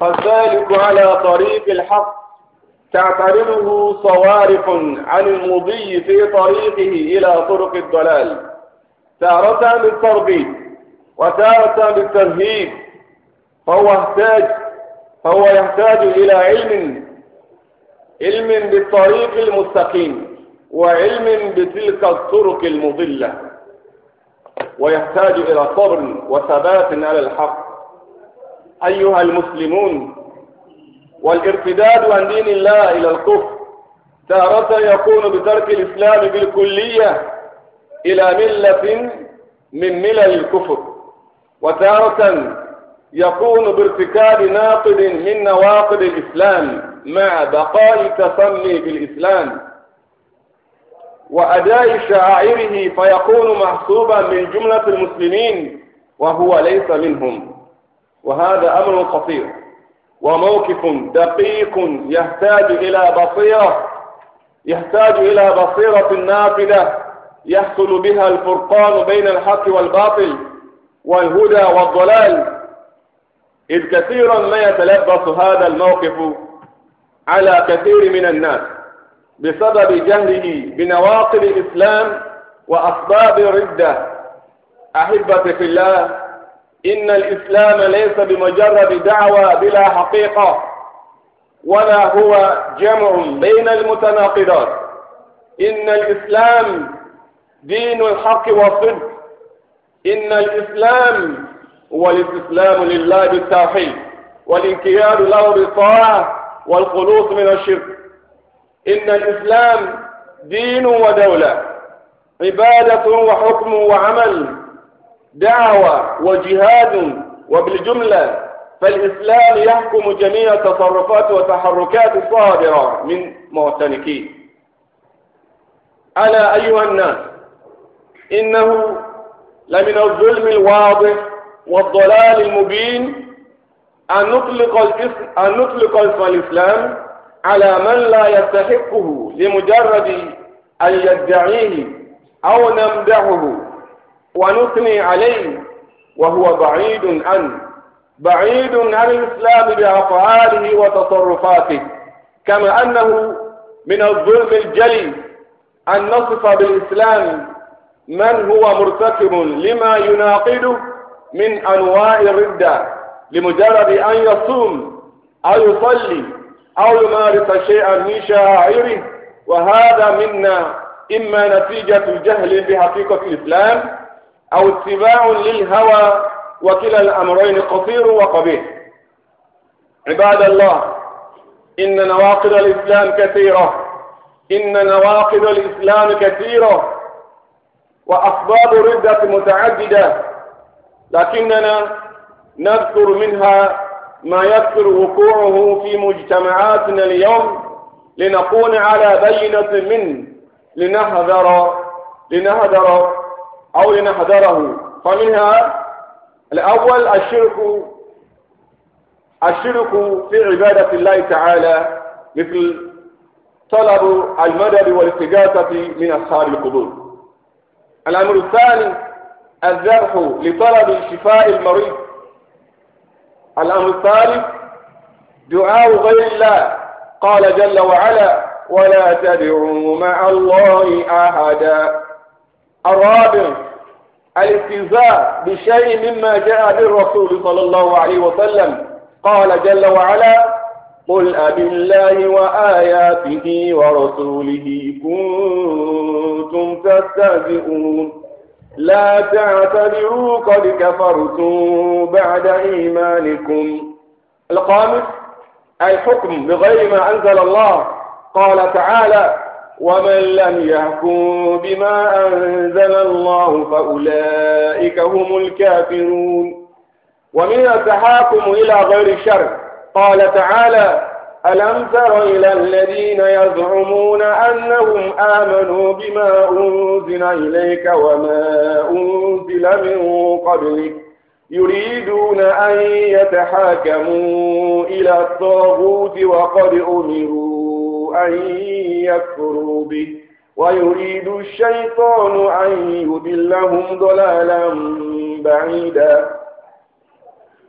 فالسالك على طريق الحق تعترضه صوارف عن المضي في طريقه إلى طرق الضلال تارة للترغيب وتارة بالترهيب فهو يحتاج فهو يحتاج إلى علم علم بالطريق المستقيم وعلم بتلك الطرق المضلة ويحتاج إلى صبر وثبات على الحق أيها المسلمون والارتداد عن دين الله إلى الكفر تارة يكون بترك الإسلام بالكلية إلى ملة من ملل الكفر وتارة يكون بارتكاب ناقد من نواقض الإسلام مع بقاء التسمي بالإسلام وأداء شعائره فيكون محسوبا من جملة المسلمين وهو ليس منهم وهذا أمر خطير وموقف دقيق يحتاج إلى بصيرة يحتاج إلى بصيرة نافذة يحصل بها الفرقان بين الحق والباطل والهدى والضلال إذ كثيرا ما يتلبس هذا الموقف على كثير من الناس بسبب جهله بنواقض الإسلام وأسباب الردة أحبة في الله إن الإسلام ليس بمجرد دعوة بلا حقيقة ولا هو جمع بين المتناقضات إن الإسلام دين الحق والصدق إن الإسلام هو الاستسلام لله بالتوحيد والانقياد له بالطاعة والخلوص من الشرك إن الإسلام دين ودولة عبادة وحكم وعمل دعوة وجهاد وبالجملة فالإسلام يحكم جميع التصرفات والتحركات الصادرة من معتنكين ألا أيها الناس إنه لمن الظلم الواضح والضلال المبين أن نطلق الاسم أن نطلق اسم الإسلام على من لا يستحقه لمجرد أن يدعيه أو نمدحه ونثني عليه وهو بعيد عنه بعيد عن الإسلام بأفعاله وتصرفاته كما أنه من الظلم الجلي أن نصف بالإسلام من هو مرتكب لما يناقده من أنواع الردة لمجرد أن يصوم أو يصلي أو يمارس شيئا من شعائره وهذا منا إما نتيجة الجهل بحقيقة الإسلام أو اتباع للهوى وكلا الأمرين قصير وقبيح عباد الله إن نواقض الإسلام كثيرة إن نواقض الإسلام كثيرة وأسباب ردة متعددة لكننا نذكر منها ما يكثر وقوعه في مجتمعاتنا اليوم لنكون على بينة منه لنهذر لنهذر أو لنحذره فمنها الأول الشرك الشرك في عبادة الله تعالى مثل طلب المدد والاستغاثة من أصحاب القبور الأمر الثاني الذبح لطلب شفاء المريض الأمر الثالث دعاء غير الله قال جل وعلا ولا تدعوا مع الله أحدا الرابع الاستهزاء بشيء مما جاء بالرسول صلى الله عليه وسلم قال جل وعلا قل أب الله وآياته ورسوله كنتم تستهزئون لا تعتبروا قد كفرتم بعد إيمانكم الخامس الحكم بغير ما أنزل الله قال تعالى ومن لم يحكم بما أنزل الله فأولئك هم الكافرون ومن التحاكم إلى غير الشر قال تعالى ألم تر إلى الذين يزعمون أنهم آمنوا بما أنزل إليك وما أنزل من قبلك يريدون أن يتحاكموا إلى الطاغوت وقد أمروا أن يكفروا به ويريد الشيطان أن يضلهم ضلالا بعيدا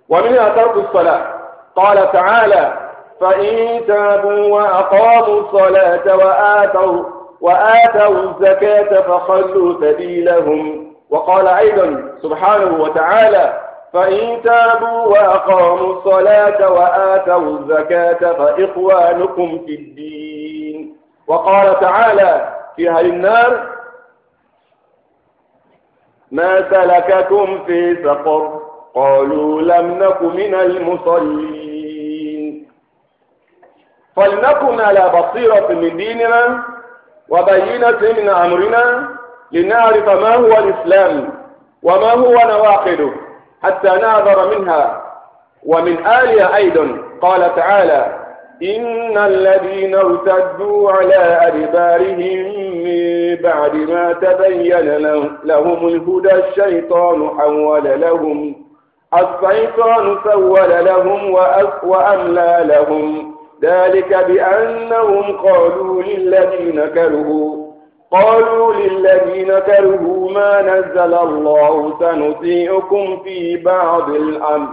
ومنها ترك الصلاة قال تعالى فإن تابوا وأقاموا الصلاة وآتوا وآتوا الزكاة فخلوا سبيلهم وقال أيضا سبحانه وتعالى فإن تابوا وأقاموا الصلاة وآتوا الزكاة فإخوانكم في الدين وقال تعالى في أهل النار ما سلككم في سقر قالوا لم نك من المصلين فلنكن على بصيرة من ديننا وبينة من أمرنا لنعرف ما هو الإسلام وما هو نواقده حتى ناظر منها ومن آلها أيضا قال تعالى إن الذين ارتدوا على أدبارهم من بعد ما تبين لهم الهدى الشيطان حول لهم الشيطان سول لهم وأملى لهم ذلك بأنهم قالوا للذين كرهوا قالوا للذين كرهوا ما نزل الله سنطيعكم في بعض الأمر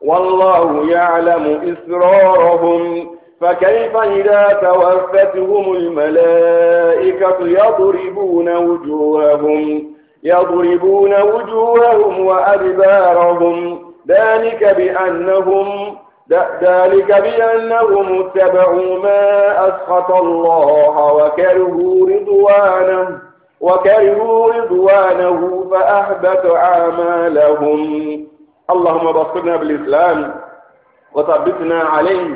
والله يعلم إسرارهم فكيف إذا توفتهم الملائكة يضربون وجوههم يضربون وجوههم وأدبارهم ذلك بأنهم ذلك بأنهم اتبعوا ما أسخط الله وكرهوا رضوانه وكرهوا رضوانه فأحبط أعمالهم اللهم بصرنا بالإسلام وثبتنا عليه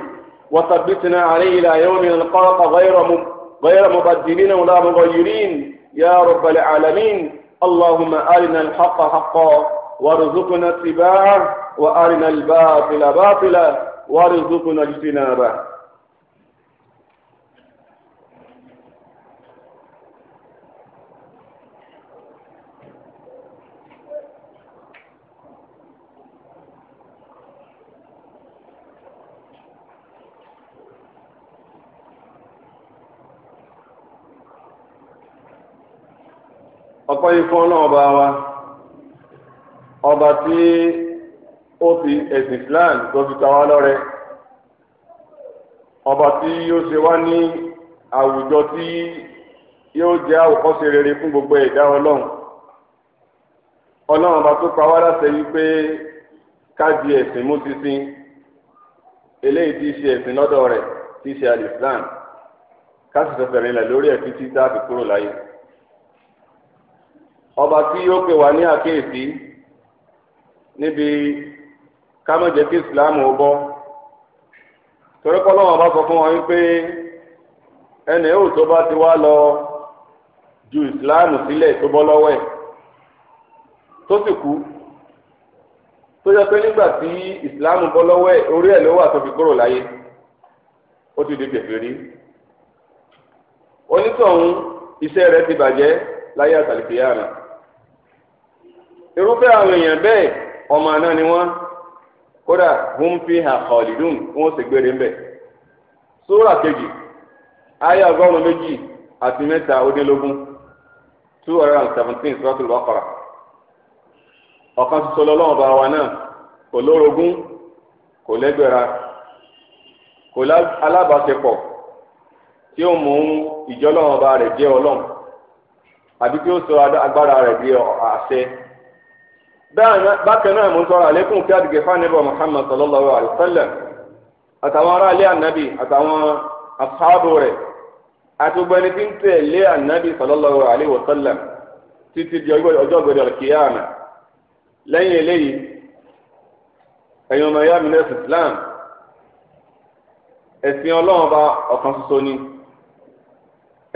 وثبتنا عليه إلى يوم القاق غير غير مبدلين ولا مغيرين يا رب العالمين اللهم أرنا الحق حقا وارزقنا اتباعه وأرنا الباطل باطلا وارزقنا اجتنابه ọ̀pọ̀ ikú ọlọ́ọ̀bá wa ọba tí ó fi ẹ̀sìn Islam tó fi ta wá lọ́rẹ ọba tí yóò ṣe wá ní àwùjọ tí yóò jẹ́ àwòkọ́ṣe rere fún gbogbo ẹ̀dá ọlọ́run ọlọ́run ọba tó pa wá láṣẹ wípé ká di ẹ̀sìn mú sísìn eléyìí tí í ṣe ẹ̀sìn lọ́dọ̀ rẹ̀ tí í ṣe al-Islam ká sì fẹsẹ̀ lórí ẹ̀ títí tá kúrò láyé ọba tí yóò pè wá ní àkéèsí níbi kama má jẹ́ kí ìsìláàmù ó bọ́ torí pé ọlọ́wọ́n bá pé ẹnì tó bá ti wá lọ ju islamu sílẹ̀ tó bọ́ lọ́wọ́ ẹ̀ tó sì kú tó jẹ́ pé nígbà tí ìsìláàmù bọ́ lọ́wọ́ ẹ̀ orí ẹ̀ ló wà tó fi kúrò láyé ó ti di onítọ̀hún iṣẹ́ rẹ ti bàjẹ́ láyé irúfẹ́ àwọn èèyàn bẹ́ẹ̀ ọmọ àná ni kódà hum fiha khalidun wọn sì gbére mbẹ sóra kejì aya ọgọ́rùn méjì àti mẹ́ta ọdínlógún two hundred and seventeen suratul Baqara ọ̀kan tuntun lọ́lọ́run bá wa náà kò lórogún kò lẹ́gbẹ̀ra kò alábàáṣepọ̀ tí ó mú ìjọlọ́run bá rẹ̀ jẹ́ ọlọ́run àbí tí ó sọ agbára rẹ̀ di àṣẹ. bákan náà mo ń sọ̀rọ̀ àlékún kí àdìgẹ fáníbọ Muhammad sallallahu alayhi wa sallam àtàwọn aráalé ànábì àtàwọn àfáàbò rẹ̀ àti gbogbo ẹni tí ń tẹ̀lé ànábì sallallahu alayhi wa sallam títí di ọjọ́ gbẹdẹ ọ̀kìyàmà lẹ́yìn eléyìí ẹ̀yin ọmọ ni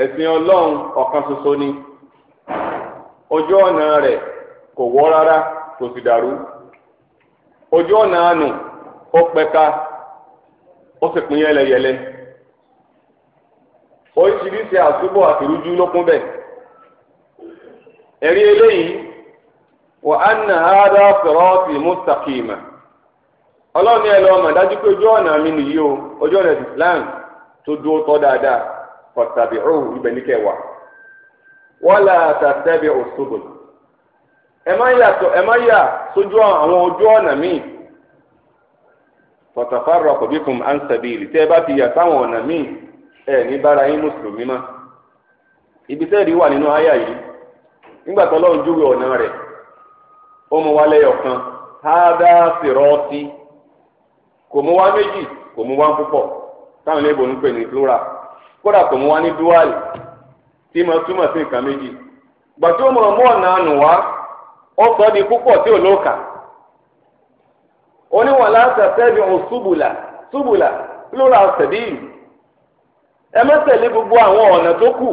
ẹ̀sìn ọlọ́run ọ̀kan kò sì dàrú ojú ọ̀nà àánú ó pẹ̀ka ó sì pín yẹlẹyẹlẹ oríṣiríṣi àtúbọ̀ àtìrújú ló kún bẹ́ẹ̀ ẹ̀rí eléyìí wa anna hada sirati mustaqima ọlọ́run ẹ̀ lọ́ọ́ dájú pé ojú ọ̀nà mi nìyí o ojú ọ̀nà Islam tó dúró tọ́ dáadáa fattabi'uhu ibẹ̀ ní kẹwàá ẹ má yàtọ̀ ẹ má yà sójú àwọn ojú ọ̀nà míì pọ̀tàfàrọ̀ àkọ́bíkùn ansabili tẹ́ ẹ bá ti yà sáwọn ọ̀nà míì ẹ ní ibi tẹ́ẹ̀rí wà nínú àyà yìí nígbà tó lọ́run júwe ọ̀nà rẹ̀ ó mú wá lẹ́yọ̀ kan hádà sírọ́ọ̀tì kò meji, wá méjì kò mú wá púpọ̀ táwọn ilé ìbò ń pè ní kódà kò wá ní dual tí mo túmọ̀ sí ó sọ ní púpọ̀ tí ò lóka oníwọ̀n láǹtà sẹ́bi ọ̀hún ṣubùlà ṣubùlà plural sẹ̀bíìlì ẹ gbogbo àwọn ọ̀nà tó kù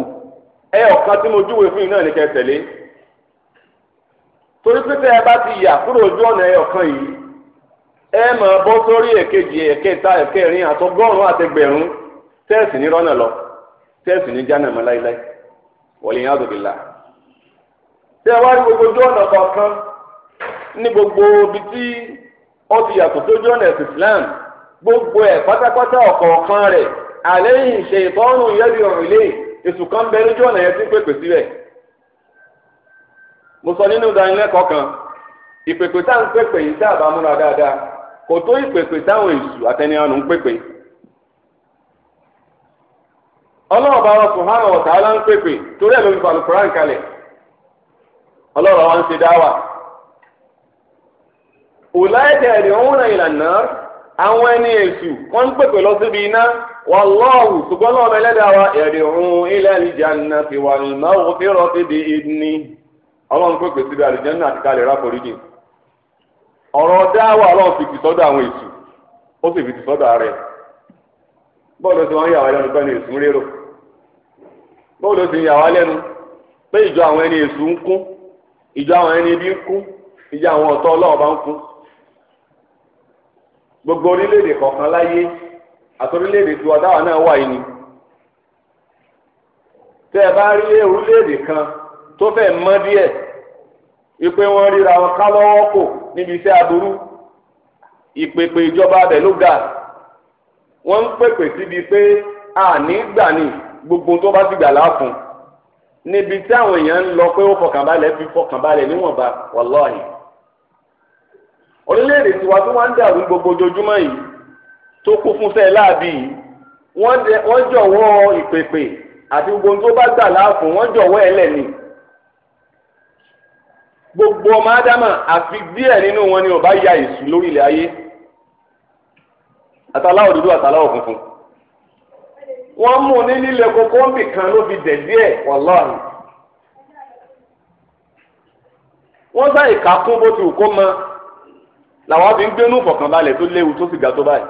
ẹ ọ̀kan tí mo júwe fún yín náà ní ẹ bá ti yà kúrò ojú ọ̀nà ẹ ọ̀kan yìí ẹ máa bọ́ sórí ẹ̀kejì ẹ̀kẹta ẹ̀kẹrin àtọgọ́rùn-ún àtẹgbẹ̀rún tẹ́ẹ̀sì ní rọ́nà lọ tẹ́ẹ̀sì ní jánà tẹ wá gbogbo ojú ọ̀nà kọ̀ọ̀kan ní gbogbo ibi tí ó ti yàtọ̀ sójú ọ̀nà Islam gbogbo ẹ̀ pátápátá ọ̀kọ̀ọ̀kan rẹ̀ àlẹ́yìn ṣe ìtọ́nù yẹ́bi ọ̀rùn kan bẹ lójú ọ̀nà yẹn tí ń pèpè síbẹ̀. mo sọ kan ìpèpè pèpè yìí tá dáadáa kò tó ìpèpè táwọn èsù ń pèpè. ọlọ́ọ̀bá Ta'ala ń pèpè torí ọlọ́rọ̀ àwọn ti dáwà. ùláìkẹ́ ẹ̀rí òun náà ìlànà àwọn ẹni èṣù wọ́n ń pèpè lọ síbi iná ṣùgbọ́n náà ti wà lọ́wọ́ fi rọ́ síbi ìdní ọlọ́run pèpè síbi kalẹ̀ ọ̀rọ̀ dáwà ọlọ́run ti àwọn èṣù ó sì fi ti bọ́ọ̀lù yà wá lẹ́nu ní èṣù ń rérò bọ́ọ̀lù ìjọ àwọn ẹni bí ń kú ìjọ àwọn ọ̀tọ́ ọlọ́wọ́ bá ń kú gbogbo orílẹ̀-èdè kọ̀ọ̀kan láyé àti èdè tí ọ̀dá wa náà wà yìí ni tẹ́ ẹ bá rí orílẹ̀-èdè kan tó fẹ́ mọ́ díẹ̀ ìpè wọn ríra wọn ká lọ́wọ́ kò níbi iṣẹ́ aburú ìpèpè ìjọba abẹ ló ga wọ́n ń pèpè síbi pé àní gbà ní gbogbo tó bá ti gbà láàfún níbi tí àwọn èèyàn ń lọ pé ó fọkànbalẹ̀ fi fọkànbalẹ̀ níwọ̀nba wàláhì orílẹ̀-èdè tiwa tó wá ń dàrú gbogbo ojoojúmọ́ yìí tó kún fún sẹ́ẹ̀ láàbì yìí wọ́n jọ̀wọ́ ìpèpè àti gbogbo tó bá gbà láàfún wọ́n jọ̀wọ́ ẹ̀ lẹ́ni gbogbo ọmọ ádámà àfi díẹ̀ nínú wọn ni ó bá ya èṣù lórí ilẹ̀ ayé àtàláwọ̀ dúdú àtàláwọ̀ funfun. wọ́n mú ní líle kókó nbì kan ló fi dẹ̀ díẹ̀ wàláhì. wọ́n sá ìka kún bó ti wù kó mọ làwọn fi ń gbénú fọ̀kànbalẹ̀ tó léwu tó sì ga tó báyìí.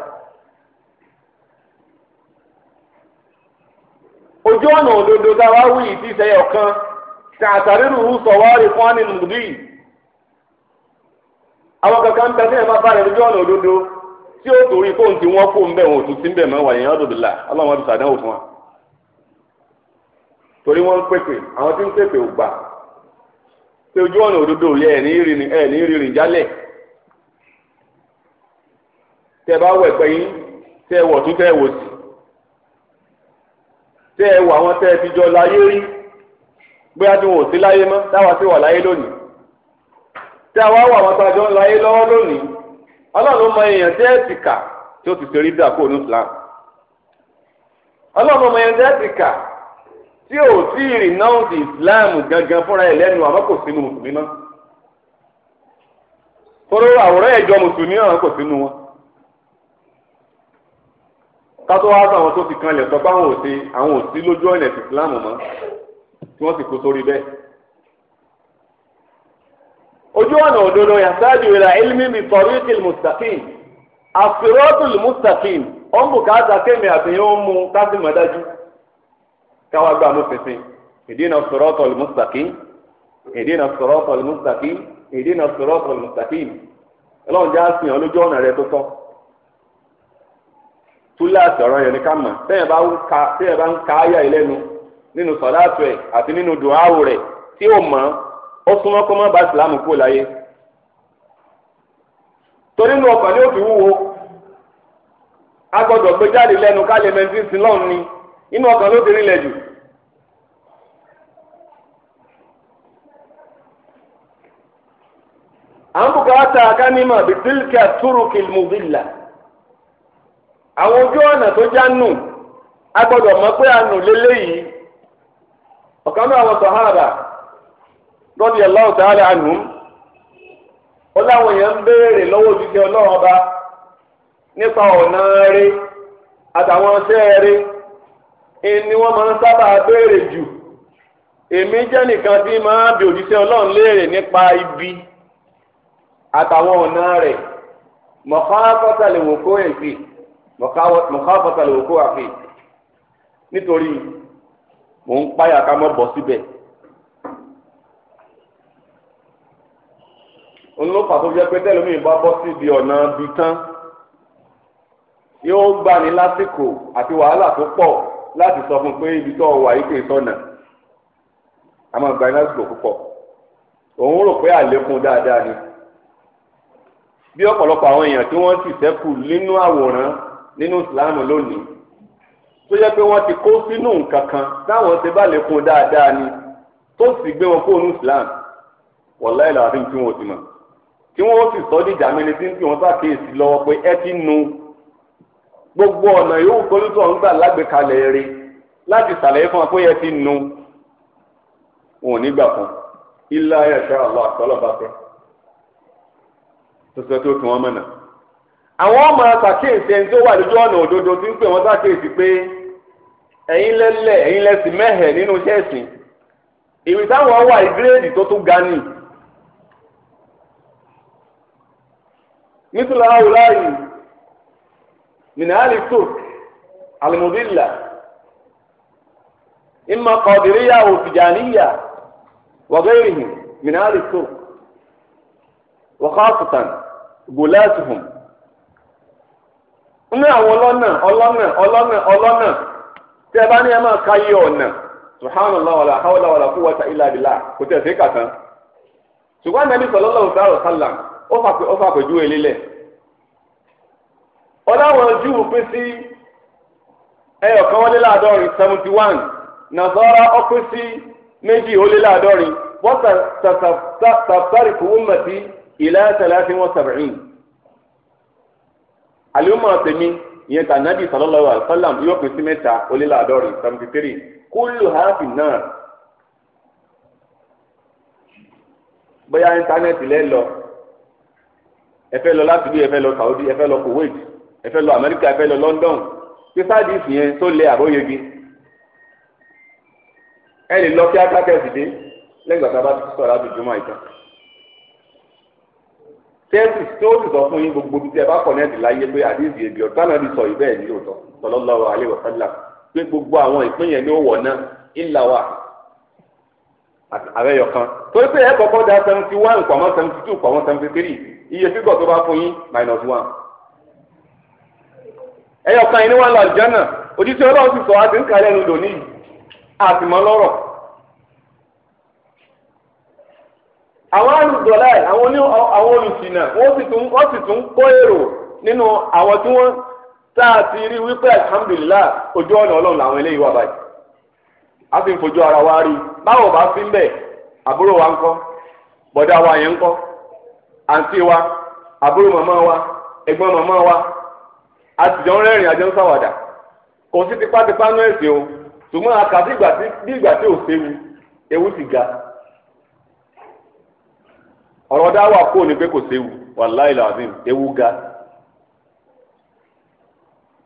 ojú ọ̀nà òdodo táwa wí ìtì ti sẹ́yẹ ọ̀kan tí àtàrírù ń sọ wá rí fún ánìlùmùdí. àwọn kankan ń bẹ sí ẹ̀ máa bá rẹ̀ lójú ọ̀nà òdodo. tí ó torí fóun tí wọ́n kó ń wọn ò tún sí ń bẹ̀ mọ́ wàyẹn ọ̀dọ̀dọ̀là ọlọ́run ọdún sàdánwò fún wa torí wọ́n ń pèpè àwọn tí ń pèpè ò gbà pé ojú ọ̀nà òdodo yẹ ẹ̀ ní ẹ̀ ní jálẹ̀ tẹ bá wẹ̀ yín tẹ wọ̀ tún tẹ wò ti jọ láyé rí bóyá tí wọn ò sí láyé mọ́ táwa wà láyé lónìí a ọlọ́run mọ èèyàn tẹ́ ẹ̀ ti kà tí ó ti ṣe rí dàkó ní Islam ọlọ́run mọ èèyàn tẹ́ ẹ̀ ti kà tí ò tí ì rìnáùsì Islam gangan fúnra ẹ̀ lẹ́nu àmọ́ kò sínú mùsùlùmí náà tóró àwòrán ẹ̀jọ̀ mùsùlùmí náà kò sínú wọn kátó wá sọ àwọn tó ti kanlẹ̀ sọ pé àwọn ò sí àwọn ò sí lójú ọ̀nà ìsìlámù mọ́ tí wọ́n sì kó sórí bẹ́ẹ̀ ojú ọ̀nà òdodo yàtàdì ìlà ilmi mi tariqil mustaqim as-siratul mustaqim ọ̀n bùkátà kémi àtìyàn ó mú káàsì mọ̀dájú káwá gbà mú fífi ihdina as-siratal mustaqim ihdina as-siratal mustaqim ihdina as-siratal mustaqim ọlọ́run já sí ọ lójú ọ̀nà rẹ tó tọ́ túláàsì ọ̀rọ̀ yẹn ní ká mọ̀ tẹ́yẹ̀ bá ń ka ó súnmọ́ kó má ba ìsìlámù kú láyé torí inú ọkàn ni ó fi wúwo a gbọ́dọ̀ gbé jáde lẹ́nu ká lè mẹ́tírísì lọ́run ni inú ọkàn ló ti rinlẹ̀ jù. àwọn bùkátà akánímọ̀ bìtìlìkà túrùkìl mùbìlà àwọn ojú ọ̀nà tó já nù a gbọdọ̀ mọ̀ pé àánú lélẹ́yìí ọ̀kan náà àwọn sọ̀hárà. radiyallahu ta'ala anhum ó láwọn èèyàn ń béèrè lọ́wọ́ òjijì ọlọ́run ọba nípa ọ̀nà rẹ àtàwọn ọṣẹ́ rẹ ni wọ́n máa ń sábà béèrè jù èmi jẹ́ nìkan tí máa bi òjíṣẹ́ ọlọ́run léèrè nípa ibi àtàwọn ọ̀nà rẹ̀ mọ̀káfọ́tàlẹ̀wòkó ẹ̀fì mọ̀káfọ́tàlẹ̀wòkó àfì nítorí mò ń páyà ká mọ́ bọ̀ síbẹ̀ olùlọ́pàá tó jẹ́ pé tẹ́lómi bá bọ́ síbi ọ̀nà bí tán yóò gbà ní lásìkò àti wàhálà tó pọ̀ láti sọ fún pé ibi tó wà yìí kò tọ̀nà a máa gba iná sùgbò púpọ̀ òun rò pé àlékún dáadáa ni bí ọ̀pọ̀lọpọ̀ àwọn èèyàn tí wọ́n ti ṣẹ́kù nínú àwòrán nínú ìsìláàmù lónìí tó yẹ pé wọ́n ti kó sínú nǹkan kan táwọn ṣe bá lékún dáadáa ni tó sì gbé wọn kó nínú ìsìláàmù wọ̀láìlà àti tí wọn ti mọ̀. tí wọ́n sì sọ ní ìjàmẹ́ni tí ń pè wọ́n sàkíyèsí lọ́wọ́ pé ẹ ti nu gbogbo ọ̀nà yóò kólútọ̀ ń gbà lágbèkalẹ̀ rẹ láti sàlàyé fún wa pé ẹ ti nu ò ní ilá ẹ̀ṣẹ́ àlọ́ àtọ́lọ́ba fẹ́ tó mọ̀nà. àwọn ọmọ sàkíyèsí ẹni tó wà lójú ọ̀nà òdodo tí ń pè wọ́n sàkíyèsí pé ẹ̀yin lẹ́lẹ̀ ẹ̀yin lẹ́sìn mẹ́hẹ̀ nínú iṣẹ́ ìrìtáwọn wà ìgírèdì tó tún ga nìyí مثل هؤلاء من أهل الترك المضلة إما قادرية أو تجانية وغيرهم من أهل الترك وخاصة غلاتهم ní àwọn ọlọ́nà ọlọ́nà ọlọ́nà ọlọ́nà tí ẹ bá ní ẹ máa ka yé ọ̀nà subhanallah wàlá hawla wàlá quwwata illa billah kò tẹ̀ sí kàtán ṣùgbọ́n nàbí sallallahu alaihi wasallam ó fàpèjúwe lílẹ̀ ọ̀làwọn júù pín sí ẹyọ̀kan ó lé láàdọ́rin seventy one nàzọ́rà ó pín sí méjì ó lé láàdọ́rin wọ́n tàbí kò wọ́n mọ̀tí ìlà wọn sàbẹ̀rìn. àlùmọ̀ tèmi ìyẹn tà nàbì sallallahu alaihi yóò pín sí mẹ́ta ó lé láàdọ́rin seventy three kúlù hàfi náà. bóyá íńtánẹ́ẹ̀tì lẹ́ lọ ẹ fẹ́ lọ láti bí ẹ fẹ́ lọ Saudi ẹ fẹ́ lọ Kuwait ẹ fẹ́ lọ Amẹ́ríkà ẹ fẹ́ lọ London pé sáàdìsì yẹn tó lé àbóyegi ẹ lè lọ kí akákẹ́ dìde lẹ́yìn gbàgbà bá ti sọ̀rọ̀ àdùjú mọ́ ìtàn tẹ́sí tó ti sọ fún yín gbogbo tí ẹ bá kọ̀nẹ́ẹ̀tì láyé pé àdìsì ebi ọ̀tá náà ti sọ yìí bẹ́ẹ̀ ní òótọ́ sallallahu alaihi wasallam pé gbogbo àwọn ìpín yẹn ní ó wọ̀ náà ìlà wa àbẹ́yọ̀ kan torí pé ẹ kọ́kọ́ da seventy one pàmò seventy two pàmò seventy three iye fígọ̀ tó bá fún yín minus one. ẹyọ kan yìí ní wọn lọ àlùjánà òjíṣẹ́ ọlọ́run sì sọ àti ń kalẹ̀ ẹnu lòní àtìmọ́ lọ́rọ̀. àwọn àlùdọ̀lá àwọn oní àwọn olùsìnà wọ́n sì tún wọ́n sì tún kó èrò nínú àwọn tí wọ́n tá a ti rí wípé alhamdulillah ojú ọ̀nà ọlọ́run làwọn eléyìí wà báyìí. a sì ń fojú ara wa rí báwo bá fi ń bẹ̀ àbúrò wa ń kọ́ bọ̀dá wa yẹn ń kọ́. àǹtí wa àbúrò màmá wa màmá wa àtijọ́ ń àjọ sàwàdà kò sí tipátipá náà ẹ̀sìn o ṣùgbọ́n àkàtí ìgbà tí bí ìgbà tí ò séwu ewu ti ga ọ̀rọ̀ dá wà kó ní pé kò séwu wàláì ewu ga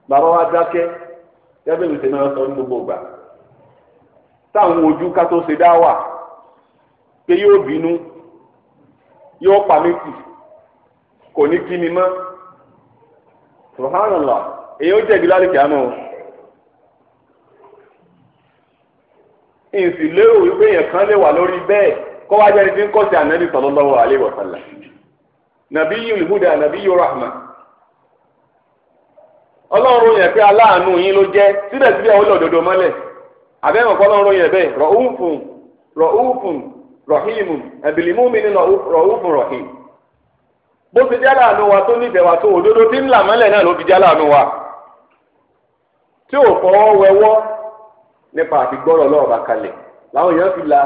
bàbá wa dákẹ́ gẹ́gẹ́ sọ ní gbogbo ìgbà táwọn ojú ká tó ṣe dá wà pé yóò pa mí tì kò ní kí mi mọ́ subhanallah èyí ó jẹ̀bi lálùkì o. ìsì lérò wípé èèyàn kan lè wà lórí bẹ́ẹ̀ kó wá jẹ́ni tí ń kọ́sí ànábì sallallahu alaihi nàbí yìí olùbúdà nàbí yìí rahma ọlọ́run yẹn pé aláàánú yín ló jẹ́ síbẹ̀síbẹ̀ ó mọ́lẹ̀ àbẹ́wọ̀n kọ́ rọ̀hìmù ẹ̀bìlímù mi ni rọ̀hùfù bó ti jẹ́ láàánú wa tó nífẹ̀ẹ́ tó òdodo tí ń là mọ́lẹ̀ náà ló fi jẹ́ láàánú wa tí ò la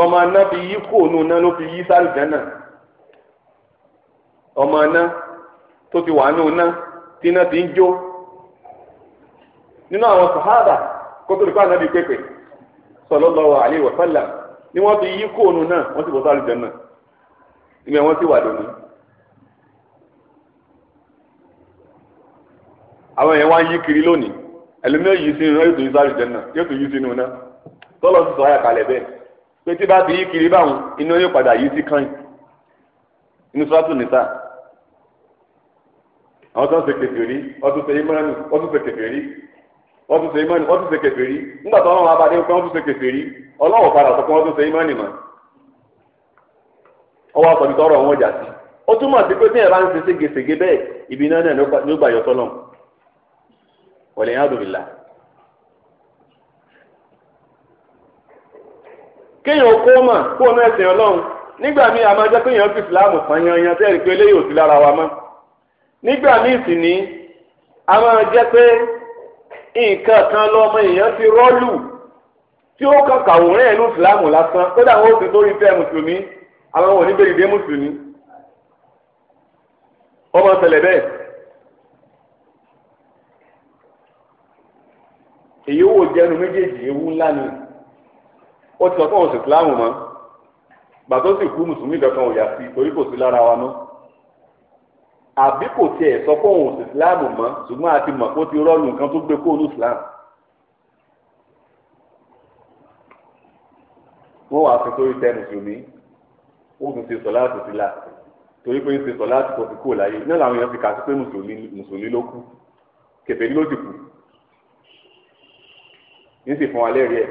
lọ́mọ aná fi yí kóònù náà ló fi ọmọ aná tó ti wà ní tí iná ti ń jó nínú àwọn sallallahu alaihi wa sallam ni wọ́n ti yí kóònù náà wọ́n ti bọ́ sáré jẹun náà ibẹ̀ wọ́n ti wà lónìí. àwọn èèyàn wá ń yí kiri lónìí ẹlòmíràn yìí sínú náà yóò tún yí sáré jẹun náà yóò tún yí sínú náà tọ́lọ́ sì sọ ayà bẹ́ẹ̀ pé tí bá ti yí kiri báwọn iná yóò padà yí sí kan inú sọ́tù níta àwọn tó ń ṣe kèfèrí ọtún ṣe imanu ọtún ṣe kèfèrí ọtụtụ tún ṣe imọ́ni wọ́n tún ṣe kèfèrí nígbà tó ọlọ́run abadé pé wọ́n tún ṣe kèfèrí ọlọ́run padà sọ pé wọ́n tún ṣe imọ́ni mọ́ ọwọ́ àtọ̀bí tọrọ wọn jà sí ó túmọ̀ sí pé tíyẹ̀ bá ń ṣe bẹ́ẹ̀ ibi na náà ló nígbà wa mọ́ nígbà sì ní nǹkan kan lọ́mọ èèyàn ti rọ́lù tí ó kàn kàwòrán ẹ̀ ní ìsìlámù lásán kódà wọn ò fi tó rí fẹ́ mùsùlùmí àwọn wọn ò ní bèrè dé mùsùlùmí ọmọ ṣẹlẹ̀ bẹ́ẹ̀. èyí wò jẹnu méjèèjì ewu ńlá ni ó ti sọ fún òsì ìsìlámù mọ́ gbàtó sì kú mùsùlùmí kankan ò yà sí torí kò sí lára wa náà àbí kò tiẹ̀ sọ pé òun ò sí mọ́ ṣùgbọ́n a ti mọ̀ pé ó ti rọ́ọ̀lù nǹkan tó gbé kóòlù islam. wọ́n wàá fi sórí tẹ mùsùlùmí ó sì ṣe sọ láti sí la torí pé ń ṣe sọ láti kò fi kú láyé náà làwọn èèyàn fi kà sí pé mùsùlùmí ló kú kèfèrí ló ti kù sì fún wa lẹ́rìí ẹ̀.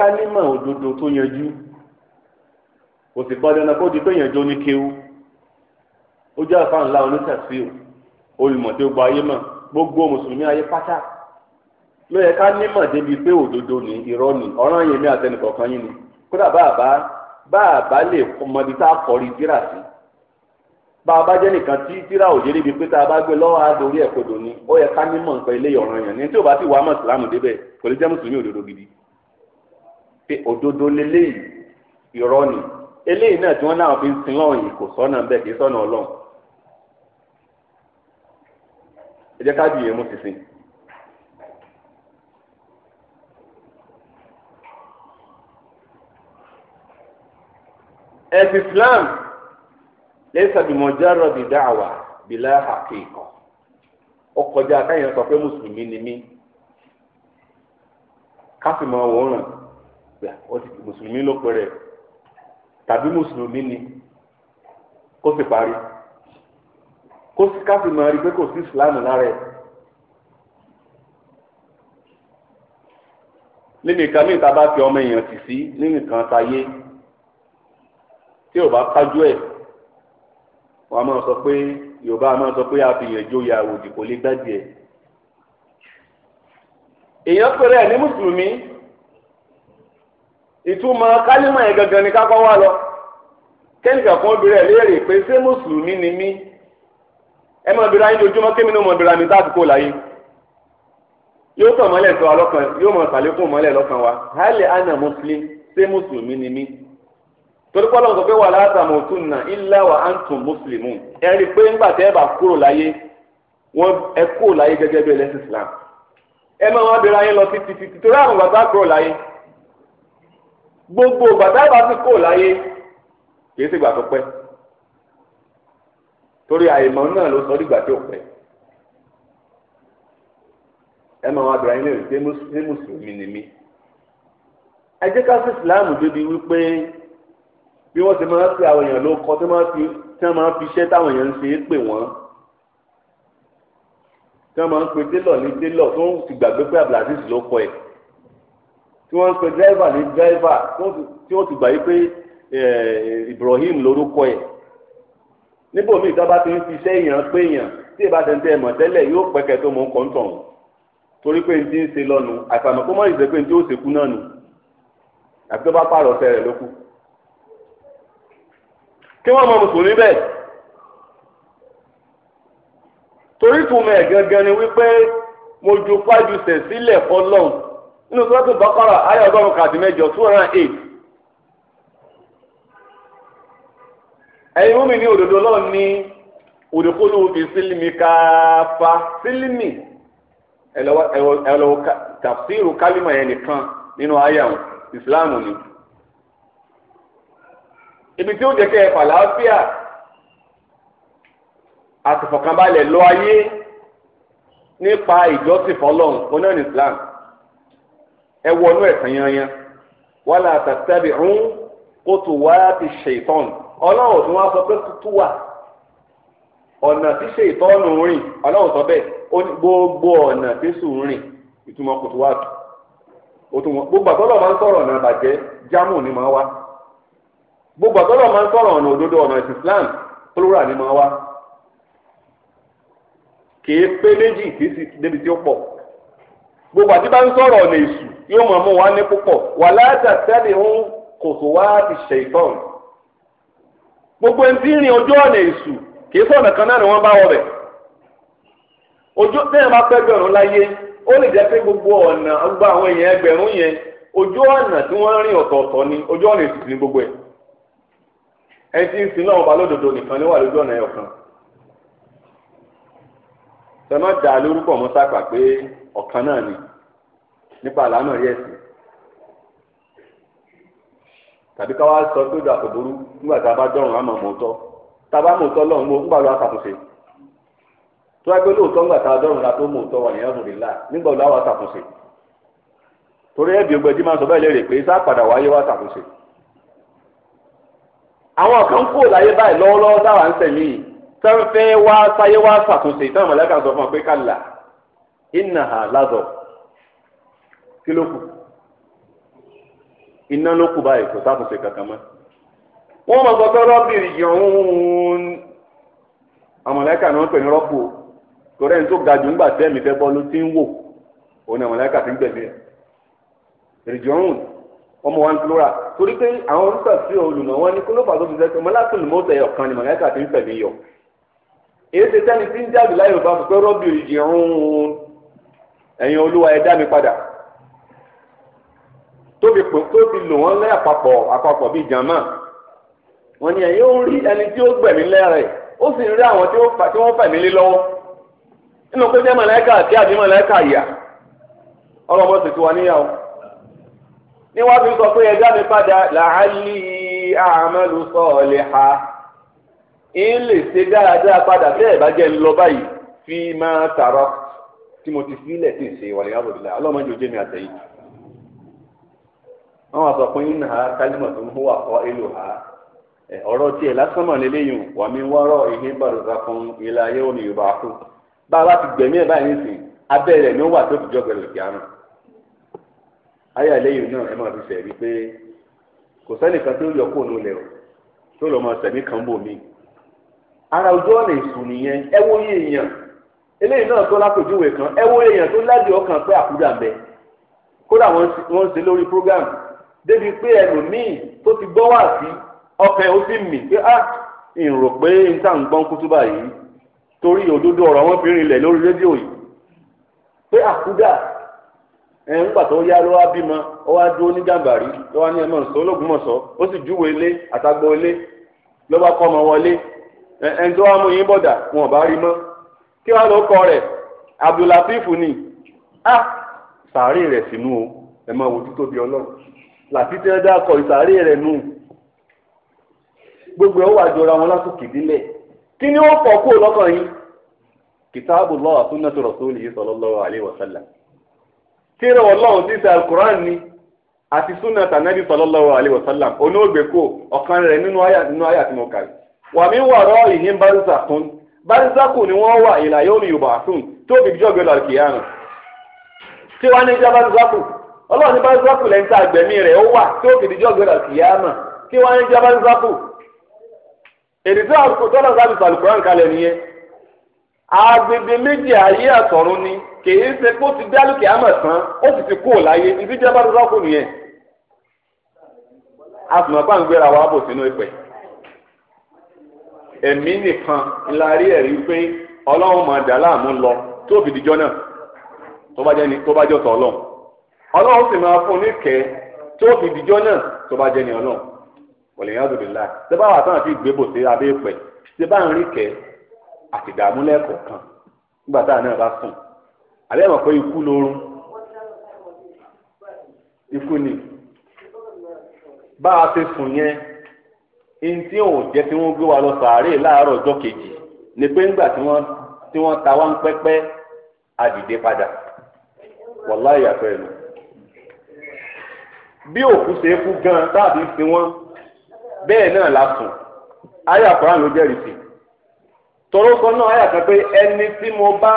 ká nímọ̀ òdodo tó yanjú kò sì gbọ́dọ̀ náà kó di pé yanjú ní kéwú ó jẹ́ àfa ńlá onítàsí o olùmọ̀ tí ó gba ayé mọ̀ gbogbo mùsùlùmí ayé pátá ló yẹ ká nímọ̀ débi pé òdodo ní irọ́ ní ọ̀ràn yẹn mi àtẹnìkọ̀ọ̀kan yín ni kódà bàbá bàbá lè mọbi tá a kọrí tíra sí bàbá jẹ́ nìkan tí tíra ò yé débi pé tá a bá gbé lọ́wọ́ àdórí ẹ̀kọ́dọ̀ ni ó yẹ ká nímọ̀ nípa ilé ọ̀ràn yẹn ní tí ò bá sì wá mọ̀ sílámù débẹ̀ kò lè jẹ́ mùsùlùmí òdodo gidi pé òdodo leléyìí irọ́ ni eléyìí náà tí wọ́n náà fi ń sin lọ́wọ́ yìí kò sọ́nà bẹ́ẹ̀ kì í sọ́nà ọlọ́run ẹ jẹ́ ká ju ìyẹn mú sísìn. ẹ̀sìn Islam lẹ́sà bí mọ̀járó bí dáàwà bí láhàkì kan ó kọjá káyọ̀ sọ pé mùsùlùmí ni mí ká sì mọ òórùn gbà ó ti mùsùlùmí ló pẹrẹ tàbí mùsùlùmí ni kó sì parí kó sì ká sì máa rí pé kò sí ìsìláàmù lára ẹ. nínú ìka ní ìta bá fi ọmọ èèyàn tì sí nínú ìkan tayé tí ò bá kájú ẹ wọn a máa sọ pé yorùbá a máa sọ pé àfihàn ìjòyè àwòdì kò lè gbàdìẹ èèyàn pẹrẹ ní mùsùlùmí ìtumọ̀ kálímà yẹn gangan ni kákọ́ wá lọ kẹ́nìkan kan obìnrin ẹ̀ léèrè pé ṣé mùsùlùmí ni mí ẹ mọ̀ bíra yín lójúmọ́ kémi náà mọ̀ bíra mi táàbù kò láyé yóò tọ̀ mọ́lẹ̀ sọ wa lọ́kàn yóò mọ̀ sàlékún mọ́lẹ̀ lọ́kàn wa hali ana muslim ṣé mùsùlùmí ni mí torí pé ọlọ́run sọ pé wà látàmú tún nà ilá wa antum muslimun ẹ rí i pé ńgbà tẹ́ ẹ bá kúrò láyé wọn ẹ kúrò láyé gẹ́gẹ́ bí ẹlẹ́sìn islam ẹ máa wọn abẹ́rẹ́ ayé lọ títí títí torí àwọn bàbá kúrò láyé gbogbo bàtà bá ti kó láyé kì í sì gbà tó pẹ́ torí àìmọ̀ náà ló sọ dìgbà tí ò pẹ́ ẹ máa wá bẹ̀rẹ̀ ilé ìgbé mùsùlùmí ni mí ẹ jẹ́ ká sí ìsìláàmù débi wípé bí wọ́n ti máa ń fi àwọn èèyàn ló kọ́ tí wọ́n máa ń fi iṣẹ́ táwọn èèyàn ń ṣe é pè wọ́n tí wọ́n máa ń pe télọ̀ ní télọ̀ tó ń ti gbàgbé pé Abdulaziz ló kọ ẹ̀ tí wọ́n ń pe dírẹ́fà ní dírẹ́fà tí wọ́n ti gbà yìí pé Ibrahim lórúkọ ẹ̀ níbo mi ìta bá ti ń fi iṣẹ́ èèyàn pé èèyàn tí ìbá tẹ̀ ń tẹ̀ mọ̀ tẹ́lẹ̀ yóò pẹ́kẹ́ tó mọ̀ ń kọ́ ń tọ̀ wọn torí pé n ti ń ṣe lọ́nu àtàmọ̀ kó mọ̀ ìṣe pé n tí ó ṣekú náà nù àti tó bá pààrọ̀ ọ̀sẹ̀ rẹ̀ ló kí wọ́n mọ mùsùlùmí bẹ́ẹ̀ torí tùmọ̀ ẹ̀ gangan ni wípé mo ju fájú sẹ̀ sílẹ̀ fọlọ́hùn nínú sọ́tún bọ́kọ́rọ̀ ayé ọgọ́rùn-ún kàdí mẹ́jọ two hundred and eight. ẹ̀yin mú mi ní òdòdó lọ́ọ̀ ní òdòkóló fi sílímì káfa sílímì ẹ̀lọ́wọ́ tafsiru kálímà yẹn nìkan nínú ayé àwọn ìsìláàmù ni. ibi tí ó jẹ́ kẹ́ ẹ̀ fàlàáfíà àtìfọ̀kànbalẹ̀ lọ ayé nípa ìjọsìn fọlọ́run onáà ní ìsìláàmù. ẹ wọnú ẹ̀sán yanyan wàlá àtàtàbí ń kótó wá ti ṣètọ́n ọlọ́run tí wọ́n sọ pé tútù wà ọ̀nà tí ṣètọ́nù rìn ọlọ́run sọ bẹ́ẹ̀ gbogbo ọ̀nà tí sùn ìtumọ̀ wà gbogbo àtọ́lọ̀ máa ń sọ̀rọ̀ ọ̀nà àbàjẹ́ gbogbo àtọ́lọ̀ máa ń sọ̀rọ̀ ọ̀nà òdodo ọ̀nà plural ni máa wá pé méjì gbogbo àti bá ń yóò máa mú wa ní púpọ̀ wà láàjà tẹ́lẹ̀ ń kò wà wá ìṣẹ̀ ìtọ́n gbogbo ẹni tí ń rìn ojú ọ̀nà èṣù kìí sọ̀nà kan náà ni wọ́n bá wọ bẹ̀ ojú tẹ́yìn bá pẹ́ láyé ó lè jẹ́ gbogbo ọ̀nà gbogbo àwọn èèyàn ẹgbẹ̀rún yẹn ojú ọ̀nà tí wọ́n rìn ọ̀tọ̀ọ̀tọ̀ ni ojú ọ̀nà èṣù ni gbogbo ẹ̀ ẹni tí ń sin náà lódodo nìkan ni wà lójú nípa ala rí esi tàbí ká sọ pé ìdàpọ̀ burú nígbà tá a bá dọ̀rùn àmọ̀ mọ̀ọ́tọ́ tá a bá mọ̀ọ́tọ́ lọ́run mo nígbà lọ́wọ́ àtàkùnṣe tó wáá pé lóòótọ́ nígbà tá a dọ̀rùn la tó mọ̀ọ́tọ́ wà ní ẹ̀rùn nílà nígbà lọ́wọ́ àtàkùnṣe torí ẹ̀bí ògbẹ́dì máa sọ bẹ́ẹ̀ lérè pé sá padà wáyé wá àtàkùnṣe àwọn kan kó láyé báyìí lọ́wọ́lọ́wọ́ táwa ń kí ló kù iná ló kù báyìí kò sáfùsẹ kankan mọ́ wọn mọ gbọ́dọ̀ rọbìrì yọhún àmọlẹka ni wọn pè ní rọpò torí ẹni tó ga jù ńgbà tẹ́ mi fẹ́ bọ́ ló ti ń wò òun ni àmọlẹka ti ń gbẹ̀mí ẹ̀ rìjọ́hún ọmọ wa ń kúlóra torí pé àwọn orúkọ sí olùmọ̀ wọn ní kólófà tó fi sẹ́kì ọmọlẹ́kùn ló tẹ̀ ọ̀kan ni àmọlẹka ti ń fẹ̀mí yọ èyí ṣe sẹ́ni tí ń jáde láyé òbá fún pé rọbìrì yọhún ẹ̀yin olúwa ẹ dá mi padà tóbi pò tóbi lò wọ́n lẹ́ àpapọ̀ àpapọ̀ bíi jàmá wọ́n ní ẹ̀yìn ó rí ẹni tí ó gbẹ̀mí lẹ́rẹ̀ ó sì rí àwọn tí wọ́n fẹ̀mí lé lọ́wọ́ nínú pé jẹ́ mọ̀lẹ́kà àti àbí mọ̀lẹ́kà yà ọlọ́mọ sì ti wà níyàwó ní wọ́n fi sọ pé ẹ jáde padà làálì àmàlù sọ̀ọ̀lẹ̀ ha ń lè ṣe dáadáa padà bẹ́ẹ̀ bá jẹ́ ń lọ báyìí fi máa tààrọ̀ tí mo ti sílẹ̀ tí ì ṣe wàlẹ̀ yàgò wọ́n wá sọ pé ń ha kálímọ̀ tó ń hó àkọ́ ha ọ̀rọ̀ tiẹ̀ lásán mọ̀ lélẹ́yìn wà mí wọ́rọ̀ ìhé fún ilé ayé òní yorùbá kú bá a bá ti gbẹ̀mí ẹ̀ báyìí nìsín ni wà tó fi jọ gbẹ̀rẹ̀ nù. ayé náà máa fi kò sẹ́nìkan tó yọ kóònù lẹ̀ ara ojú ọ̀nà ìsù nìyẹn ẹ wo èèyàn eléyìí náà kan ẹ wo èèyàn tó pé àkúdà débi pé ẹlòmíì tó ti gbọ́ wá sí ọkẹ́ ó sì mì pé á ah, ìrò pé níta ń gbọ́n kútúbà yìí torí òdodo ọ̀rọ̀ wọn fi rinlẹ̀ lórí rédíò yìí pé àkúdà ah, ẹ̀ ń pàtó yá ló wá bímọ ó wá dúró ní gàmbàrí ló wá ní ẹmọ nsọ ológunmọ̀sọ ó sì júwe ilé àtàgbọ ilé ló bá kọ́ ọmọ wọlé ẹni tó wá mú yín bọ̀dà wọn bá rí mọ́ kí wọ́n ló kọ rẹ̀ Abdulateef ni á ah, sàárè rẹ̀ sínú o ẹ̀ máa wojú tóbi Ọlọ́run làtí tí wọ́n dákọ̀ ìsàárè rẹ̀ nù gbogbo ẹ̀ wà jọra wọn lásìkò ìdílẹ̀ kí ni wọ́n fọ̀ kúrò lọ́kàn yín kìtàbù lọ́wọ́ sunnatu rasulihi sallallahu alaihi wa sallam kíra ọlọ́run ti ṣe alukur'an ni àti sunnata nabi sallallahu alaihi wa sallam onóògbé kò ọ̀kan rẹ̀ nínú àyà nínú àyà tí mo kà wà mí wà rọ́ ìhín bárísà tún bárísà kù ni wọ́n wà ìlà yawmi yub'athun tóbi jọ́gbẹ́ lọ́ọ̀kì yánà tí wàá ní ìjà bárísà kù ọlọ́run ní báńsákù lẹ́yìn tá àgbẹ̀mí rẹ̀ ó wà tí ó fi dijọ́ gbẹ̀rẹ̀ kìyàmà kí wọ́n á ń jẹ́ báńsákù èdè tí àlùkò tọ́lá sábì sàlùkùrán kalẹ̀ nìyẹn agbègbè méjì ayé àtọ̀run ni kèé ṣe kó ti dálù kìyàmà tán ó sì ti kú láyé ibi jẹ́ báńsákù nìyẹn a sì mọ̀ báńgbé ra wa bò sínú ìpẹ́ ẹ̀mí nìkan ńlá rí ẹ̀rí pé ọlọ́run máa dà láàmú lọ tó fi dijọ́ náà tó bá jẹ́ ọ̀tọ̀ ọlọ́run ọlọ́run sì máa fún níkẹ́ tí ó fi dìjọ́ náà tó bá jẹ́ ní ọlọ́run wọ̀lẹ̀ yẹn àdùnnú láì ṣé bá wà sáà fi gbébò sí abẹ́ ìpẹ́ ṣé bá ń rí kẹ́ àti ìdààmú lẹ́ẹ̀kọ̀ọ̀kan nígbà táà náà bá sùn àbẹ́ mọ̀ pé ikú lórun ikú ni bá a ti sùn yẹn ihun tí òun jẹ́ tí wọ́n gbé wa lọ sàárè láàárọ̀ ọjọ́ kejì ni pé ńgbà tí wọ́n tí wọ́n ta wá ń pẹ́pẹ́ àdìde padà wọ́láyà fẹ́ẹ́ lò bí òkú ṣe kú gan tàbí fi wọ́n bẹ́ẹ̀ náà la sùn àyà Kùránì ló jẹ́rìí sí tọrọ kan náà àyà kan pé ẹni tí mo bá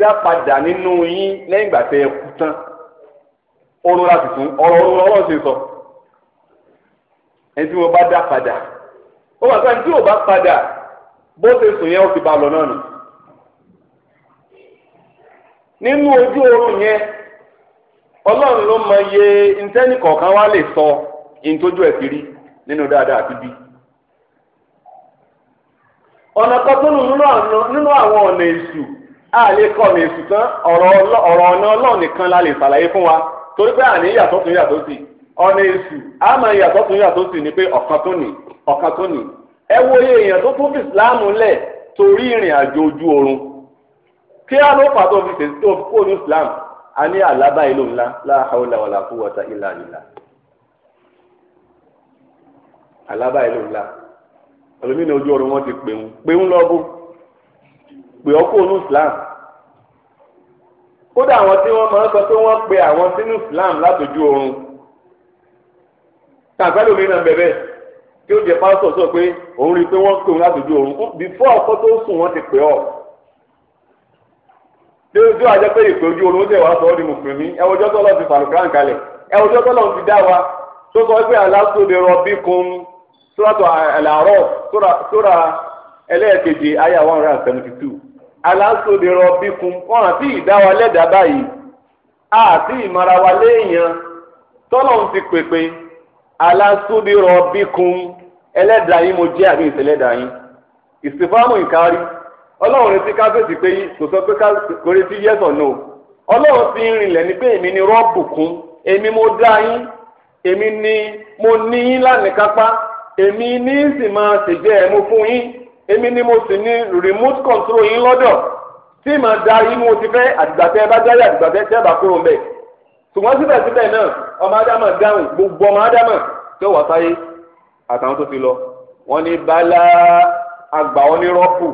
dá padà nínú yín lẹ́yìn ìgbà tẹ́ ẹ kú tán ọ̀run láti fún ọ̀rọ̀ ọ̀run ọlọ́run ṣe sọ ẹni tí mo bá dá padà ó wà sáà tí ò bá padà bó ṣe sùn yẹn ó ti ba lọ náà nù nínú ojú oorun yẹn. ọlọ́run ló mọ iye ntẹ́nì kọ̀ọ̀kan wá lè sọ iye tójú ẹ̀ ti rí nínú dáadáa àti bí. ọ̀nà kan tó nínú àwọn ọ̀nà èṣù a lè kọ́ ọ̀nà èṣù tán ọ̀rọ̀ ọ̀nà ọlọ́run nìkan la lè ṣàlàyé fún wa torí pé àní tún yàtọ̀ sí ọ̀nà èṣù a máa tún yàtọ̀ sí ni pé ọ̀kan tó nì ọ̀kan tó nì ẹ wo iye èèyàn tó tún oorun kí á ló fà tó fi ṣèṣ a ní àlábà ìlú ńlá la hawla wala quwwata illa billah àlábà ìlú ńlá olómìnira ojú ọ̀run wọn ti pèun pèun lọ́bù pè ọkọ onú Islam kódà àwọn tí wọ́n máa ń sọ pé wọ́n pe àwọn sínú Islam látòjú oorun tàbí olómìnira bẹ̀bẹ̀ tí ó jẹ pásítọ̀ sọ pé òun rí i pé wọ́n pèun látòjú oorun bífọ́ ọkọ tó sùn wọ́n ti pè ọ́. tí ó tí ó àjẹpé ìpèjú wa sọ ọ́ di mùsùlùmí ẹwọ́jọ́ ti kalẹ̀ ẹwọ́jọ́ ti dá wa tó sọ pé aláṣọdẹ rọbí kun sọ́tọ̀ àlàárọ̀ sóra ẹlẹ́ẹ̀kejì aya one hundred and seventy two aláṣọdẹ rọbí kun wọn àti lẹ́dàá báyìí àti ìmọ̀ra mo jẹ́ àbí yín ìkárí ọlọ́run retí ká fèsì pé kò sọ pé kò retí yes or no ọlọ́run ti rìnlẹ̀ ní pé èmi ni rọ́ọ̀bù kún èmi mo dá yín èmi ni mo ní yín lánàá kápá èmi ní sì máa ṣèjẹ́ ẹ̀ mo fún yín èmi ni mo sì ní remote control yín lọ́dọ̀ tí mà á da yín mo ti fẹ́ àtìgbà tẹ́ ẹ bá jáde àtìgbà tẹ́ ẹ bá kúrò mbẹ́ ṣùgbọ́n síbẹ̀síbẹ̀ náà ọmọ ádámà dáhùn gbogbo ọmọ ádámà tó wà sáyé àtàwọn tó ti lọ wọ́n ní bala àgbà onírọ́pù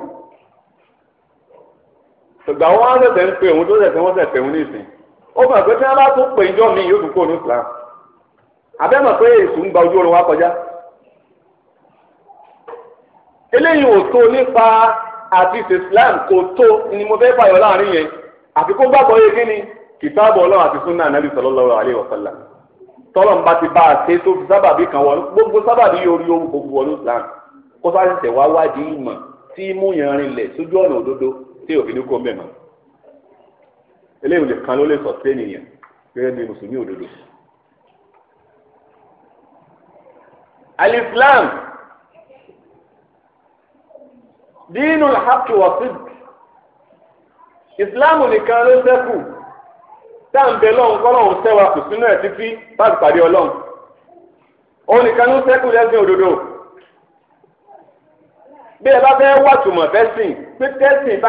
ṣùgbà wọn á ṣẹ̀ṣẹ̀ ń pè òun tó ṣẹ̀ṣẹ̀ wọ́n ṣẹ̀ṣẹ̀ òun nísìn ó mọ̀ pé tí wọ́n bá tún pè ìjọ mi yóò tún kó ní Islam àbẹ́mọ̀ pé èṣù ń gba ojú oorun wa kọjá eléyìí ò tó nípa àti Islam kò tó ni mo fẹ́ fàyọ láàrin yẹn àfi kó gbàgbọ́ yé kí ni kìtàbù Ọlọ́run àti sunna anabi sallallahu alaihi wasallam tọ́lọ́n bá ti bá a ṣe tó fi sábàbí kan wọ gbogbo sábàbí orí owó gbogbo wọlé Islam kó sáà ṣẹ̀ṣẹ̀ wá wádìí ìmọ̀ tí mú yẹn rinlẹ̀ sójú ọ̀nà òdodo tí òfin ní kó mbẹ mọ eléyìí lè kan ló lè sọ sí ènìyàn gẹ́gẹ́ bí mùsùlùmí òdodo. alislam dínú làákì wà sí ìsìláàmù nìkan ló ṣẹ́kù tá à ń bẹ lọ́hùn kọ́lọ́hùn sẹ́wà kù ẹ̀ títí bá ti pàdé ọlọ́hùn òun nìkan ló ṣẹ́kù lẹ́sìn òdodo. bí ẹ bá fẹ́ wá tùmọ̀ fẹ́sìn pé tẹ́sìn bá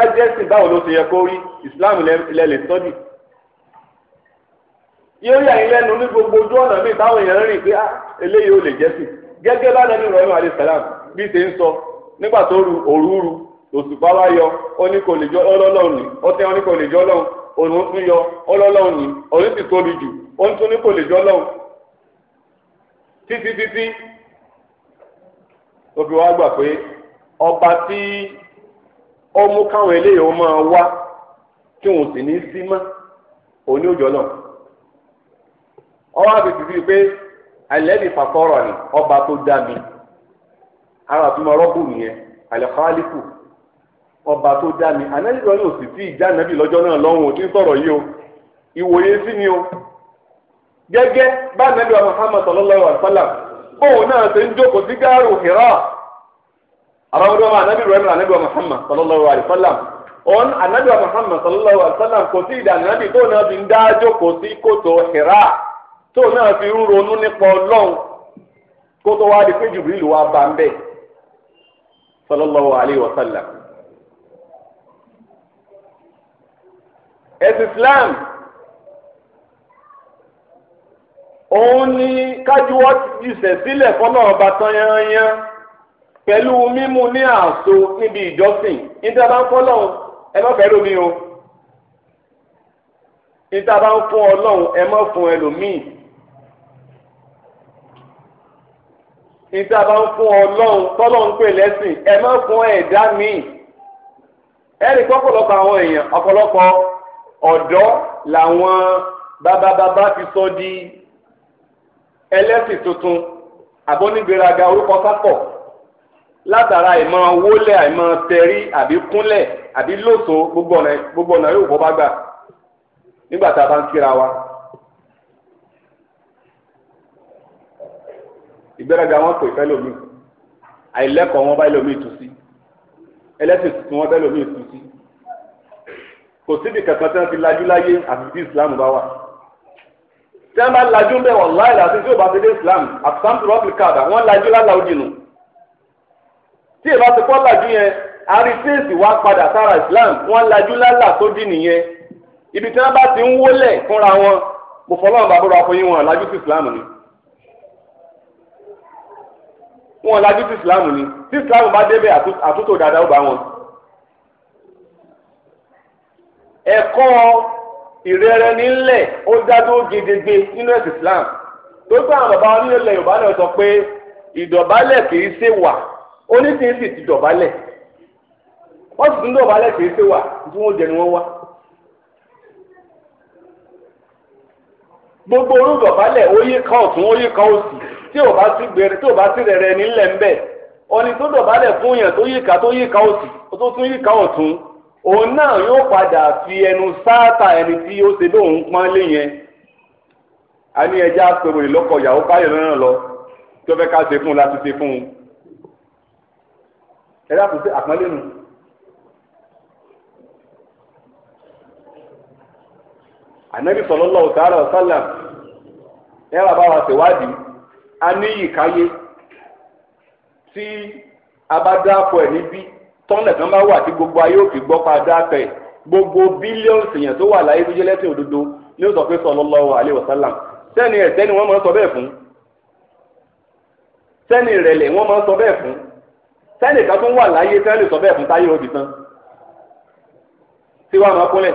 báwo ló ṣe yẹ Islam lẹ́lẹ̀ ihe yóò yà yín lẹ́nu ní gbogbo ojú ọ̀nà míì táwọn èèyàn rìn pé ah, eléyìí ò lè jẹ́sìn gẹ́gẹ́ bá lẹ́nu ìrọ̀lẹ́ àlẹ́ sàlám bí ṣe ń sọ nígbà tó ru òrúurú òṣùpá wá yọ ó kò lè jọ ọlọ́lọ́run ni kò lè jọ ọlọ́run tún yọ ọlọ́lọ́run ọba tí ó mú káwọn eléyìí ó máa wá tí wọn sì ní sí mọ́ òní òjò náà ọba bíi pé fàkọ́rọ̀ ni ọba tó dá mi ara tó máa rọ́bù nìyẹn ọba tó dá mi anẹ́lẹ́dọ́ ni òsì tí ìjà nàbì lọ́jọ́ náà lọ́hùn òtí sọ̀rọ̀ yìí o ìwòye sí ni o gẹ́gẹ́ bá nàbì wa ṣe ń jókòó àwọn ọmọdé wọn anabi ibrahim na anabi wa muhammad sallallahu alayhi wa sallam òun anabi wa muhammad sallallahu alayhi wa sallam kò sí ìdá anabi tó náà fi ń kò sí kòtò hira tó náà fi ronú nípa ọlọ́run kó tó di pé jibril wá bá ń sallallahu alayhi wa sallam. ẹ̀sìn islam òun ni kájúwọ́ jùsẹ̀ sílẹ̀ fọlọ́ọ̀ba tán yányán pẹ̀lú mímu ní àṣọ níbi ìjọsìn níta bá ń fọ́ lọ́hùn ẹ má fẹ́ lómi o níta bá ń fún ọlọ́hùn ẹ má fún ẹlòmíì níta bá ń fún ọlọ́hùn tọ́lọ́hùn pè lẹ́sìn ẹ má fún ẹ̀dá míì ẹ̀rí kọ́pọ̀lọpọ̀ àwọn èèyàn ọ̀pọ̀lọpọ̀ ọ̀dọ́ làwọn bábábábá fi sọ di ẹlẹ́sìn tuntun àbónígbéraga orúkọ sápọ̀ látara àìmọ wólẹ̀ àìmọ tẹrí àbí kúnlẹ̀ àbí lóso gbogbo ọ̀nà gbogbo ọ̀nà yóò kọ́ bá gbà nígbà tá a bá ń kíra wa. ìgbéraga wọn kò ìfẹ́ lómi àìlẹ́kọ̀ọ́ wọn bá lómi tù sí ẹlẹ́sìn tuntun wọn bá lómi tù sí kò síbi kankan tí wọ́n fi lajú láyé àti tí Islam bá wà tí wọ́n bá lajú ń bẹ̀ wọ̀ láìláàtí tí ó bá fi dé Islam àti samson rọ́pìlì káàdà wọ́n lajú lálàó jìnnà tí ìbá ti kọ́ làjú yẹn àrísíèsì wá padà sára Islam wọ́n lajú lálà tó dì nìyẹn ibi tí wọ́n bá ti ń wólẹ̀ fúnra wọn mo fọlọ́run bá bóra fún yín wọn lajú sí Islam ni wọn lajú sí Islam ni tí Islam bá débẹ̀ àtúntò dáadáa ó bá wọn. ẹ̀kọ́ ìrẹ́rẹ́ nílẹ̀ ó dájú gedegbe nínú ẹ̀sìn Islam tó gbọ́ àwọn bàbá wọn nílẹ̀ Yorùbá náà sọ pé ìdọ̀bálẹ̀ kì í ṣe wà onísìnyìsì ti dọ̀bálẹ̀ wọ́n sì tún dọ̀bálẹ̀ kì í ṣe wà tí wọ́n ni wọ́n wá. gbogbo orú dọ̀bálẹ̀ oyè kan ọ̀tún oyè kan òsì tí o bá sí gbèrè tí ò bá rẹ̀rẹ̀ nílẹ̀ ń bẹ̀ tó fún yàn tó yí ká tó yí ká òsì tó tún ká ọ̀tún òun náà yóò padà fi lọ fẹ́ ká ṣe fún un ẹ dákun sí àpọ́nlé nu. ànábì sallallahu ta'ala wa sallam ẹ rà bá wa ṣèwádìí a ní ìkáyé tí a bá dáàpọ̀ ẹ̀ níbí tọ́lẹ̀ kan bá wà tí gbogbo ayé òkè gbọ́ pa dáàpọ̀ ẹ̀ gbogbo bílíọ̀nù èèyàn tó wà láyé tó jẹ́ lẹ́sìn òdodo ní ó sọ pé sallallahu alaihi wa sallam sẹ́ni ẹ̀sẹ́ ni wọ́n máa ń sọ bẹ́ẹ̀ fún sẹ́ni ìrẹ̀lẹ̀ wọ́n máa ń sọ bẹ́ẹ̀ fún sẹ́ni kan tó ń wà láyé tí lè sọ bẹ́ẹ̀ fún táyé òbí tán tí wọ́n máa kúnlẹ̀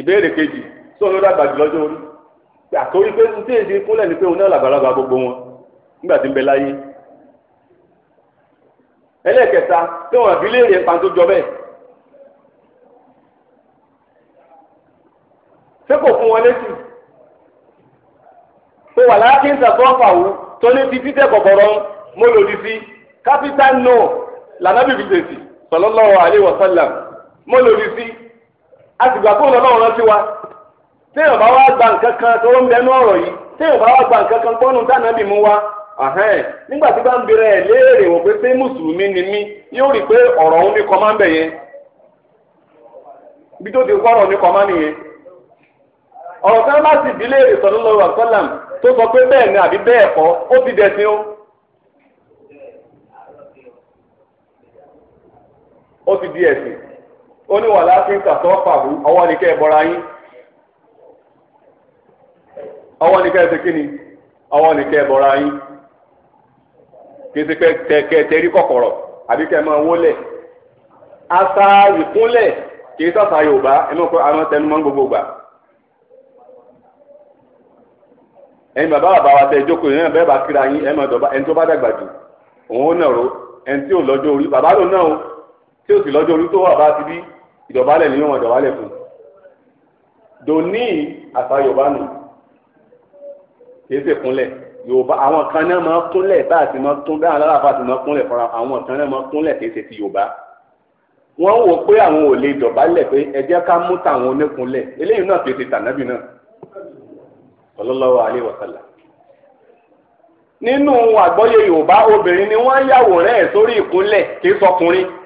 ìbéèrè kejì tí òun dàgbà lọ́jọ́ orí àtòrí pé tí tíyèsí kúnlẹ̀ ni pé òun gbogbo wọn nígbà tí ń bẹ láyé ẹlẹ́ẹ̀kẹta tí àbí léèrè pa tó jọ bẹ́ẹ̀ ṣé kò fún wọn létí pé sàkóńfà mo lòdì sí capital no lànàbì fìdèsì sallallahu alaihi wasallam mo sí àtìgbà lọ náà rántí wa téèyàn bá wà gba nǹkan kan tó ń bẹnu ọ̀rọ̀ yìí téèyàn bá gba nǹkan kan gbọ́nù tánàbì mú wa nígbà tí bá ń ẹ̀ ni mí yóò rí i pé ọ̀rọ̀ òun kọ́ máa ń bẹ̀ yẹn tó ti kọ́ máa ọ̀rọ̀ kan bá sì tó o. ó ti di ẹ̀sìn ó ní wàhálà tí ń tàtọ́ pàbó ọwọ́ ni kẹ́ ẹ bọ́ra yín ọwọ́ ni kẹ́ ẹ ti kíni ọwọ́ ni kẹ́ ẹ bọ́ra yín kì ti pẹ́ kẹ́ ẹ kọ̀kọ̀rọ̀ àbí kẹ́ ẹ máa ìkúnlẹ̀ kì í Yorùbá ẹnu kọ́ àwọn gbogbo gbà. bàbá bàbá wa tẹ ìjókòó yẹn bẹ́ẹ̀ bá kíra yín tí o sì lọ́jọ́ orí tó wà bá ti bí ìdọ̀bálẹ̀ nínú wọn ìdọ̀bálẹ̀ fún dòní àṣà yorùbá nù kìí ṣe kúnlẹ̀ yorùbá àwọn kan náà máa kúnlẹ̀ bá àti máa tún dáhùn lálàfà àti máa kúnlẹ̀ fúnra àwọn kan náà máa kúnlẹ̀ kìí ṣe ti yorùbá wọ́n wò pé àwọn ò lè dọ̀bálẹ̀ pé ẹ ká mú tàwọn oníkunlẹ̀ eléyìí náà kìí ṣe náà sallallahu alaihi wasallam nínú àgbọ́yé yorùbá obìnrin ni wọ́n yàwòrán ẹ̀ sórí ìkúnlẹ̀ kìí sọkùnrin. So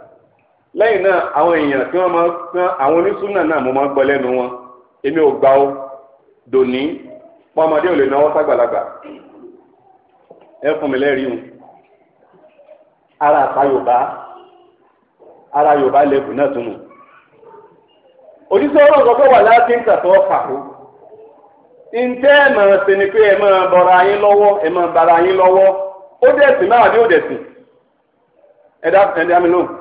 lẹ́yìn náà àwọn èèyàn tí wọ́n máa ma kán àwọn onísúnà náà mo máa gbọ́ lẹ́nu wọn èmi ò gbà ó dòní pọ́nmọdé ò lè náwó sàgbàlagbà ẹ fún ara àta yorùbá ara yorùbá lẹ́bù náà tún nù oníṣẹ́ ọlọ́run sọ wà láti ń tàtọ́ pàkó ǹjẹ́ ẹ máa ṣe ni pé ẹ máa bọra yín lọ́wọ́ ẹ máa bara yín lọ́wọ́ ó náà àbí ó ẹ dá ẹ dá mi lóhùn.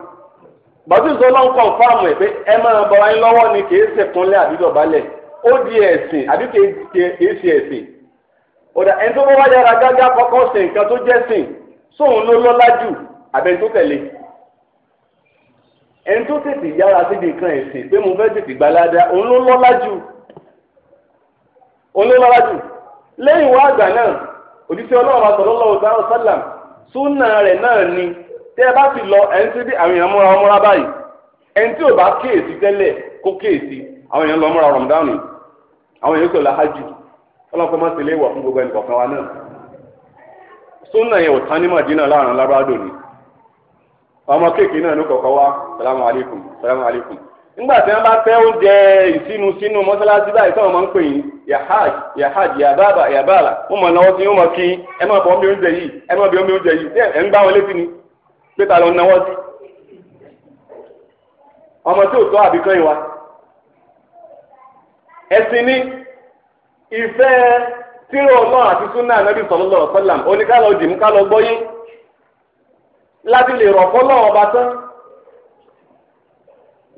gbàdúrà ọlọ́run kọ̀ǹfàmù ẹ̀ pé ẹ máa bọ̀ lọ́wọ́ ni kì í e kúnlẹ̀ àbí ó di ẹ̀sìn àbí kì í ṣe ẹ̀sìn ọ̀dà ẹni tó bá wáyé ara gágá kọ́kọ́ ṣe nǹkan tó jẹ́ sìn sóun ló lọ́lá jù àbẹ̀ tó tẹ̀lé ẹni tó tètè yára síbi nǹkan ẹ̀sìn pé mo fẹ́ tètè gbalada òun ló lọ́lá jù òun ló lọ́lá jù lẹ́yìn wá tẹ́ ẹ bá sì lọ ẹ̀ ń ṣe bí àwọn èèyàn múra ọmúra báyìí ẹni tí ò bá kíyèsí tẹ́lẹ̀ kó kíyèsí àwọn èèyàn lọ múra àwọn èèyàn sọ̀rọ̀ ọlọ́pàá máa tẹ̀lé fún gbogbo wa náà sunna yẹn ò tán ní ọmọ kéèké náà ló kọ̀ọ̀kan wá salamu alaykum nígbà tí bá oúnjẹ ìsinu sínú mọ́sálásí báyìí máa ń pè yín yahaj yahaj yababa yabala pé ta ló ń sí ọmọ tí ò tọ́ àbíkán ìwà ẹ̀sìn ní ìfẹ́ tíró ọlọ́run àti súnà nàbí sallallahu alaihi oníkálọ̀ dìmú kálọ̀ gbọ́yé láti lè rọ̀ fọ́lọ́ ọba tán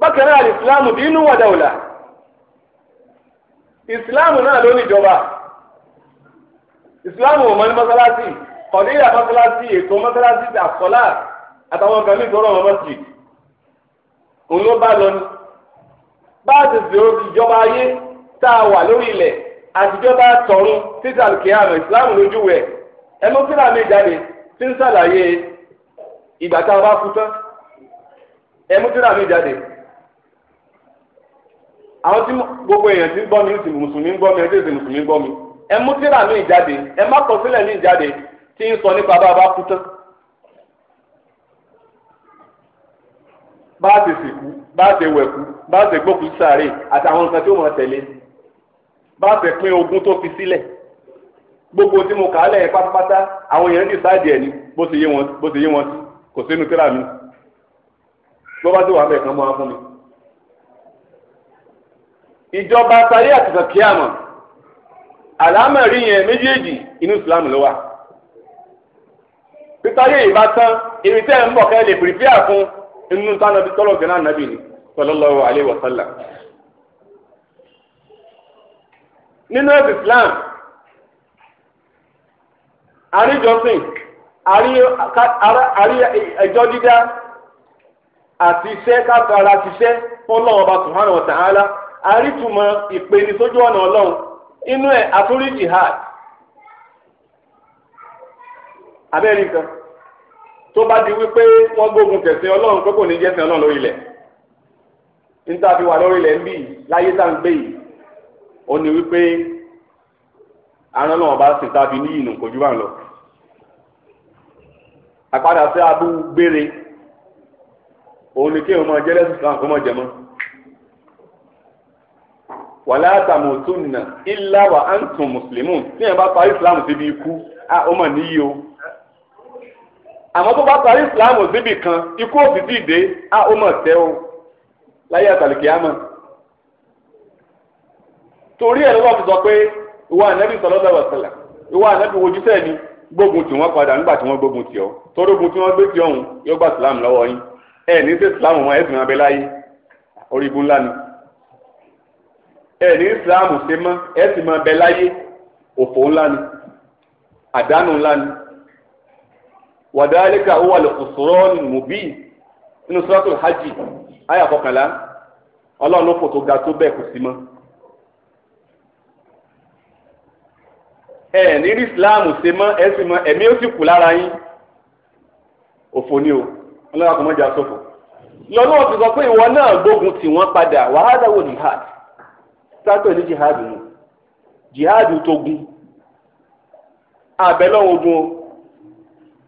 bákan náà ìsìláàmù dínú wa dawla ìsìláàmù náà ló ìsìláàmù ní mọ́sálásì ìyá mọ́sálásì ètò mọ́sálásì àtàwọn kan ní ìtọ́rọ̀ wọn mọ́sì òun ló bá lọ ní báàsì sí orí ìjọba ayé tá a wà lórí ilẹ̀ àtijọba tọ̀run títà kìáàmù ìsìláàmù lójú wẹ̀ ẹnu kíra mi jáde tí ń sàlàyé ìgbà tá a bá kú tán ẹnu kíra mi jáde àwọn tí gbogbo èèyàn ti ń gbọ́ mi ń mùsùlùmí ń gbọ́ mi ẹ ti mùsùlùmí ń gbọ́ mi ẹ mú mi jáde ẹ má kọ sílẹ̀ mi jáde tí ń sọ nípa bá a bá kú tán. bá a ṣe sìnkú bá a ṣe wẹ̀kú bá a ṣe gbókùn sáré àtàwọn nǹkan tí ó máa tẹ̀lé bá a ṣe pín ogún tó fi sílẹ̀ gbogbo tí mo kà á lẹ̀ pátápátá àwọn èèyàn ní ìsáàdì ẹ̀ ni bó ṣe yé wọn bó ṣe yé wọn sí kò sínú kíra mi gbọ́dọ̀ tó wà bẹ́ẹ̀ kan mọ́ wọn fún mi. ìjọba àtàrí àtìsàn kíámọ̀ àlámẹ̀rí yẹn méjèèjì inú ìsìlámù ló wà. pétáyé ìbátan irin ń bọ̀ kẹ́ lè fún inú tá nàbí tọ́lọ̀ gánà nàbí ni sallallahu alaihi wa sallam. nínú ẹ̀sìn Islam àríjọsìn àrí ẹjọ́ dídá àti iṣẹ́ káfara ti iṣẹ́ fún ọlọ́run ọba subhanahu wa ta'ala àrítùmọ̀ ìpeni sójú ọ̀nà ọlọ́run inú ẹ̀ àtúrí jihad abẹ́rẹ́ nǹkan tó bá di wípé wọ́n gbógun tẹ̀sìn ọlọ́run pé kò ní jẹ́sìn ọlọ́run lórí ilẹ̀ níta fi wà lórí ilẹ̀ ń bì láyé tá ń gbé yìí ó ní wípé arán náà bá sì tàbí ní ìnù kò ju bá ń lọ àpadà sí abú gbére òun ni kéèyàn máa jẹ́ lẹ́sìn Islam kó mọ̀ jẹ mọ́ wàlá àtàmùtúnà ìlà wà á ń tún mùsùlùmù tí yẹn bá parí Islam síbi ikú ó mọ̀ níyì o àmọ́ tó bá parí islam síbì kan ikú òsì tí ì dé á ó mọ̀ tẹ́ o láyé àtàlùkì á mọ̀ torí ẹ̀ lọ́wọ́ fi sọ pé ìwọ ànábì sallallahu alaihi wasallam ìwọ ànábì wojúṣẹ́ ni gbógun tì wọ́n padà nígbà tí wọ́n gbógun tì ọ́ torógun tí wọ́n gbé tì ọ̀hún yóò gba islam lọ́wọ́ yín ẹ̀ ní sí islam wọn ẹ̀sìn abẹ láyé orígun ńlá ni ẹ̀ ní islam ṣe mọ́ ẹ̀sìn mọ́ abẹ láyé òfò ńlá ni àdánù ńlá ni wàdálíkà huwa al-khusran mubin nínú suratul hajj àyà kọkànlá ọlọ́run ló tó ga tó bẹ́ẹ̀ kò sí islam ṣe mọ mọ ó sì kù lára yín òfò ni o ọlọ́run kò mọ́ jà sófò. lọ́nà ọ̀sìn sọ pé ìwọ náà gbógun tì wọ́n padà wàhálà wo jihad ní jihad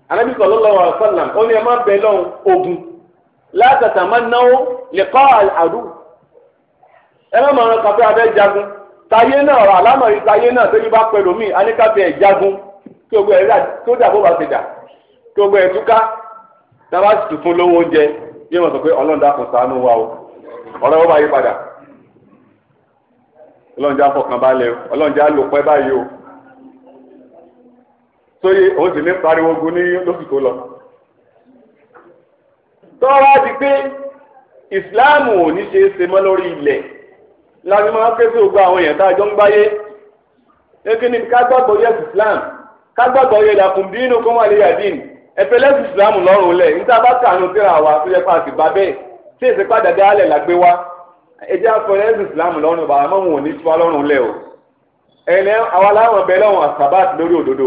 anabi sallallahu alaihi wasallam ó ní ẹ má bẹ lọ́hùn ogun la tatamannu liqa al-adu ẹ má máa kàfé abẹ́ jagun tayé náà rà lámàrí tayé náà tó yí bá pẹ̀lú mi aníkàfẹ́ ẹ̀ jagun kí ogun ẹ̀ tó dà bó bá ti dà kí ogun ẹ̀ túká tábà sì fún lówó oúnjẹ yé wọn sọ pé ọlọ́run dákun ṣàánú wa o ọ̀rọ̀ wọn bá yí padà ọlọ́run já fọkàn balẹ̀ ọlọ́run já lò pẹ́ báyìí o sóye òun sì ní pariwo ogun ní lóṣù tó lọ. tọ́wọ́ á di pé ìsìláàmù ò ní ṣe é ṣe mọ́ lórí ilẹ̀ láti máa ké sí gbogbo àwọn èèyàn tá a jọ ń gbáyé eke ni ká gbàgbọ́ yẹ islam ká gbàgbọ́ yẹ làkùn dínú kó wà lè yà dín ẹ̀fẹ́ lẹ́sìn islam lọ́rùn lẹ̀ níta bá kànú síra wa tó yẹ pa àti bá bẹ́ẹ̀ tí èsì padà dé alẹ̀ la gbé wa ẹjẹ́ afọ lẹ́sìn islam lọ́rùn bàbá mọ́ wọn ò ní tiwa o ẹ̀lẹ́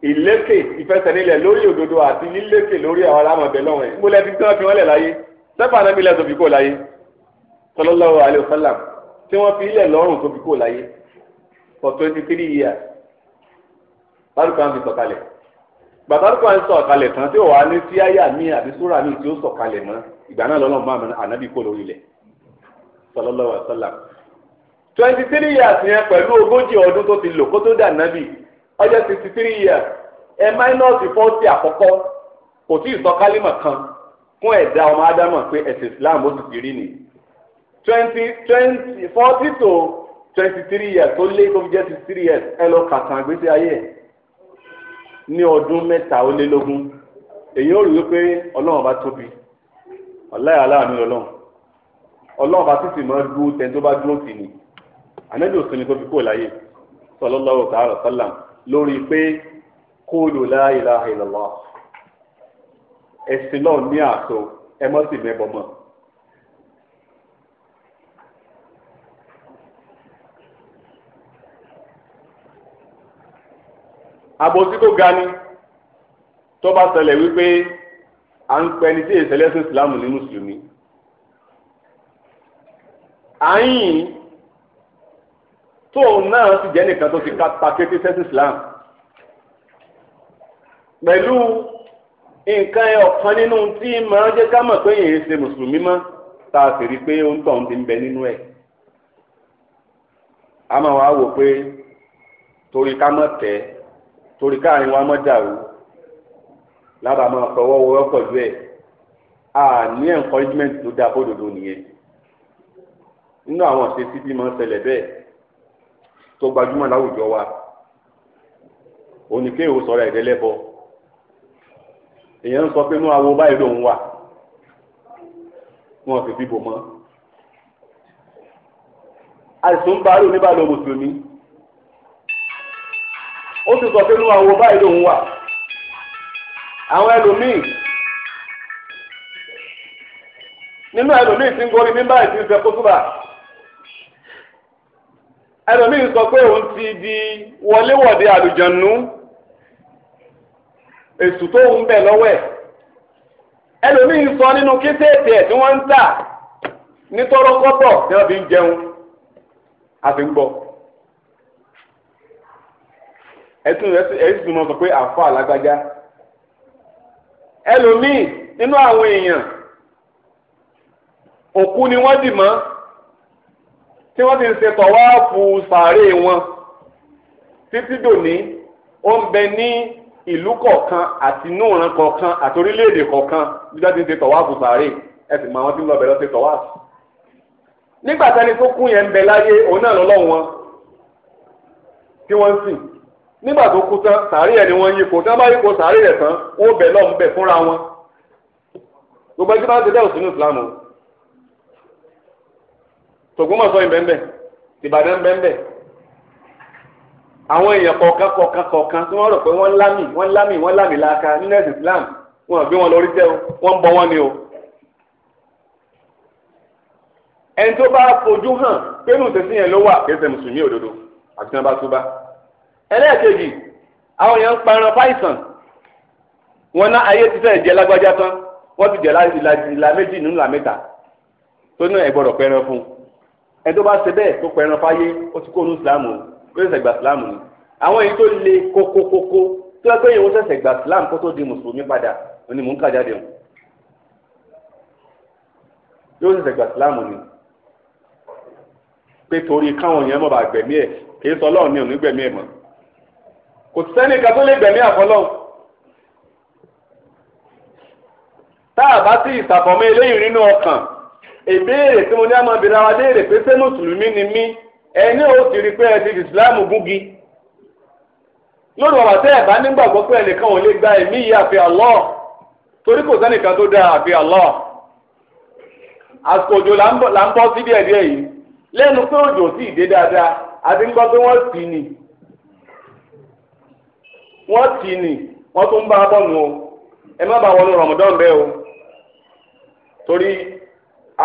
ìlékè ìfẹsẹ̀nilẹ̀ lórí òdodo àti lílékè lórí àwọn alámọ̀bẹ lọ́wọ́ ẹ̀ múlẹ̀ fi tán fi wọ́n lẹ̀ láyé sẹ́fà anábì lẹ̀ tóbi kó láyé sallallahu alaihi wasallam tí wọ́n fi ilẹ̀ lọ́rùn tóbi kó láyé for twenty three years bárúkà ń fi sọ̀kalẹ̀ bàbárúkà ń sọ̀kalẹ̀ tán tí ò wá ní sí àyà mi àbí súrà mi tí ó sọ̀kalẹ̀ mọ́ ìgbà náà lọ́lọ́ twenty three years yẹn pẹ̀lú ogójì ọdún tó ti lò kó tó dà nábì ọjọ́ sixty three years ẹ máínọ́ọ̀sì fọ́ọ̀sì àkọ́kọ́ kò tí ì sọ kálímà kan fún ẹ̀dá ọmọ ádámà pé ẹ̀sìn islam ó sì ti rí ni twenty twenty forty to twenty three years tó lé tó fi jẹ́ sixty three years ẹ lọ kàtàn àgbésí ayé ẹ̀ ní ọdún mẹ́ta ó lé lógún èyí ó rí wípé ọlọ́run bá tóbi ọláyà aláàánú ọlọ́run ọlọ́run bá títì máa dúró tẹ́ni tó bá dúró tì ní ànábì òsínmi tó fi kúrò láyé sallallahu ta'ala sallam lórí pé kóòlù la ilaha illallah ẹ̀sìn náà ní àtò ẹ mọ́ sí mẹ́bọ̀ mọ́. àbòsí tó ga ni tó bá ṣẹlẹ̀ wípé à ń pẹ́ ní tí èsẹ̀lẹ́sìn ìsìlámù ní mùsùlùmí. àyìn tóun náà ti jẹ́ nìkan tó ti kápá kété sẹ́sì Islam pẹ̀lú nǹkan ọ̀kan nínú tí màá jẹ́ ká mọ̀ pé yẹn ṣe mùsùlùmí mọ́ tá a sì rí i pé ó ń tọ̀ ń ti ń bẹ nínú ẹ̀ a máa wá wò pé torí ká mọ̀ tẹ́ torí káàrin wa mọ̀ dàrú lábàá máa fọwọ́ wọ́wọ́ pẹ̀lú ẹ̀ a ní encouragement tó dáa bódodo nìyẹn nínú àwọn ṣe títí máa ń ṣẹlẹ̀ bẹ́ẹ̀ tó gbajúmọ̀ láwùjọ wa òní kéèwò sọ̀rọ̀ ẹ̀dẹ́lẹ́bọ èèyàn ń sọ pé inú awo báyìí lòun wà wọn sì fi bò mọ́ àìsàn bá rí oníbàlẹ̀ mùsùlùmí ó sì sọ pé inú awo báyìí lòun wà àwọn ẹlòmíì nínú ẹlòmíì tí ń gorí mímbà ìsìn kótóbà ẹlòmíì sọ pé òun ti di wọléwọ̀de àlùjànnú èsù tó ń bẹ lọ́wọ́ ẹ̀ ẹlòmíì sọ nínú kétéètè ẹ̀ tí wọ́n ń tà ní tọ́rọ́kọ́tọ̀ tí wọ́n fi ń jẹun àti ń gbọ́ ẹtún ẹtún mọ sọ pé àfọ alágbájá ẹlòmíì nínú àwọn èèyàn òkú ni wọ́n dì mọ́ tí wọ́n ti ń ṣe tọ̀wáàfù sàárè wọn títí dòní ó ń bẹ ní ìlú kọ̀ọ̀kan àti núùran kọ̀ọ̀kan àti orílẹ̀-èdè kọ̀ọ̀kan bí wọ́n ti ń ṣe tọ̀wáàfù sàárè ẹ sì máa wọn ti ń lọ bẹ̀rẹ̀ ṣe tọ̀wáàfù. nígbà tẹni tó kú yẹn ń bẹ láyé òun náà lọ́lọ́ wọn tí wọ́n ń sìn nígbà tó kú tán sàárè ẹ̀ ni wọ́n yípo tí wọ́n bá yípo sàárè ẹ̀ tán ó bẹ̀ lọ́ọ̀ ń bẹ̀ fúnra wọn gbogbo ẹjọ́ bá ti dẹ́ òsínú tògbómọ̀ṣọ́ ìbẹ́ńbẹ́ ìbàdàn bẹ́ńbẹ́ àwọn èèyàn kọ̀ọ̀kan kọ̀ọ̀kan kọ̀ọ̀kan tí wọ́n rò pé wọ́n lámì wọ́n lámì wọ́n lámì láaka nínú ẹ̀sìn Islam wọn gbé wọn lórí jẹ́ o wọ́n bọ wọn ni o. ẹni tó bá fojú hàn pé nù sẹ́sìn yẹn ló wà kẹsẹ̀ mùsùlùmí òdodo àti náà bá túbá. ẹlẹ́ẹ̀kejì àwọn èèyàn ń paran python wọn ná ayé ti fẹ́ jẹ́ lágbájá tán wọ́n ti jẹ́ ìlà méjì nínú ìlà mẹ́ta tó ní ẹ̀ gbọ́dọ̀ pẹ́ran fún un ẹni tó bá ṣe bẹ́ẹ̀ tó pẹ̀ràn fáyé ó ti kó ní islam o ó ṣẹ̀ṣẹ̀ gba islam ni àwọn èyí tó le kókókókó tó yẹ pé ìwọ ṣẹ̀ṣẹ̀ gba islam kó tó di mùsùlùmí padà òní mò ń kà jáde o yóò ṣẹ̀ṣẹ̀ gba islam ni pé torí káwọn yẹn mọ̀ bá gbẹ̀mí ẹ̀ kì í sọ ọlọ́run ní òní gbẹ̀mí ẹ̀ mọ́ kò sẹ́ni kan tó lè gbẹ̀mí àfọlọ́hùn tá a bá sì ìsàfọ̀mọ́ eléyìí nínú ọkàn ìbéèrè tí mo ní àmọ́ ìbéèrè àwọn adéèrè pé ni mí ẹni ò ti rí pé ẹ ti ìsìláàmù gúgi lórí ọ̀rọ̀ tẹ́ ẹ̀ bá nígbàgbọ́ pé ẹnìkan ò lè gba ẹ̀mí yìí àfi Allah torí kò sẹ́nìkan tó dáa àfi Allah àsìkò òjò là ń bọ́ sí díẹ̀ díẹ̀ yìí lẹ́nu pé òjò sì dé dáadáa àti ń gbọ́ pé wọ́n tì ní wọ́n tì ní wọ́n tún bá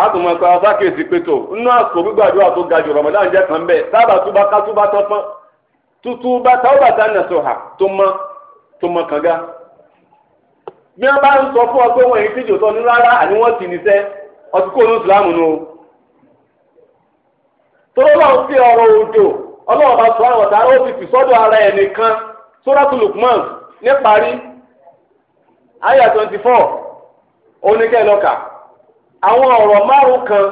àtùmọ̀kọ asákèsì pétò nínú àsìkò gbígbàdúrà tó ga jù rọ̀mọ̀dán jẹ́ kan bẹ́ẹ̀ sábà túbá ká túbá tán pọ́n tútú bá táwọ́bà tá nà sọ̀hà tó mọ́ tó mọ́ nise bí wọ́n bá ń sọ fún ọ pé wọ́n èyí tí jòtọ́ ní rárá àní wọ́n ti níṣẹ́ ọtí kò ní ìsìlámù nù. ọ̀rọ̀ òjò ọlọ́wọ́n bá sọ àwọn ọ̀tá ó ti fi àwọn ọ̀rọ̀ márùn kan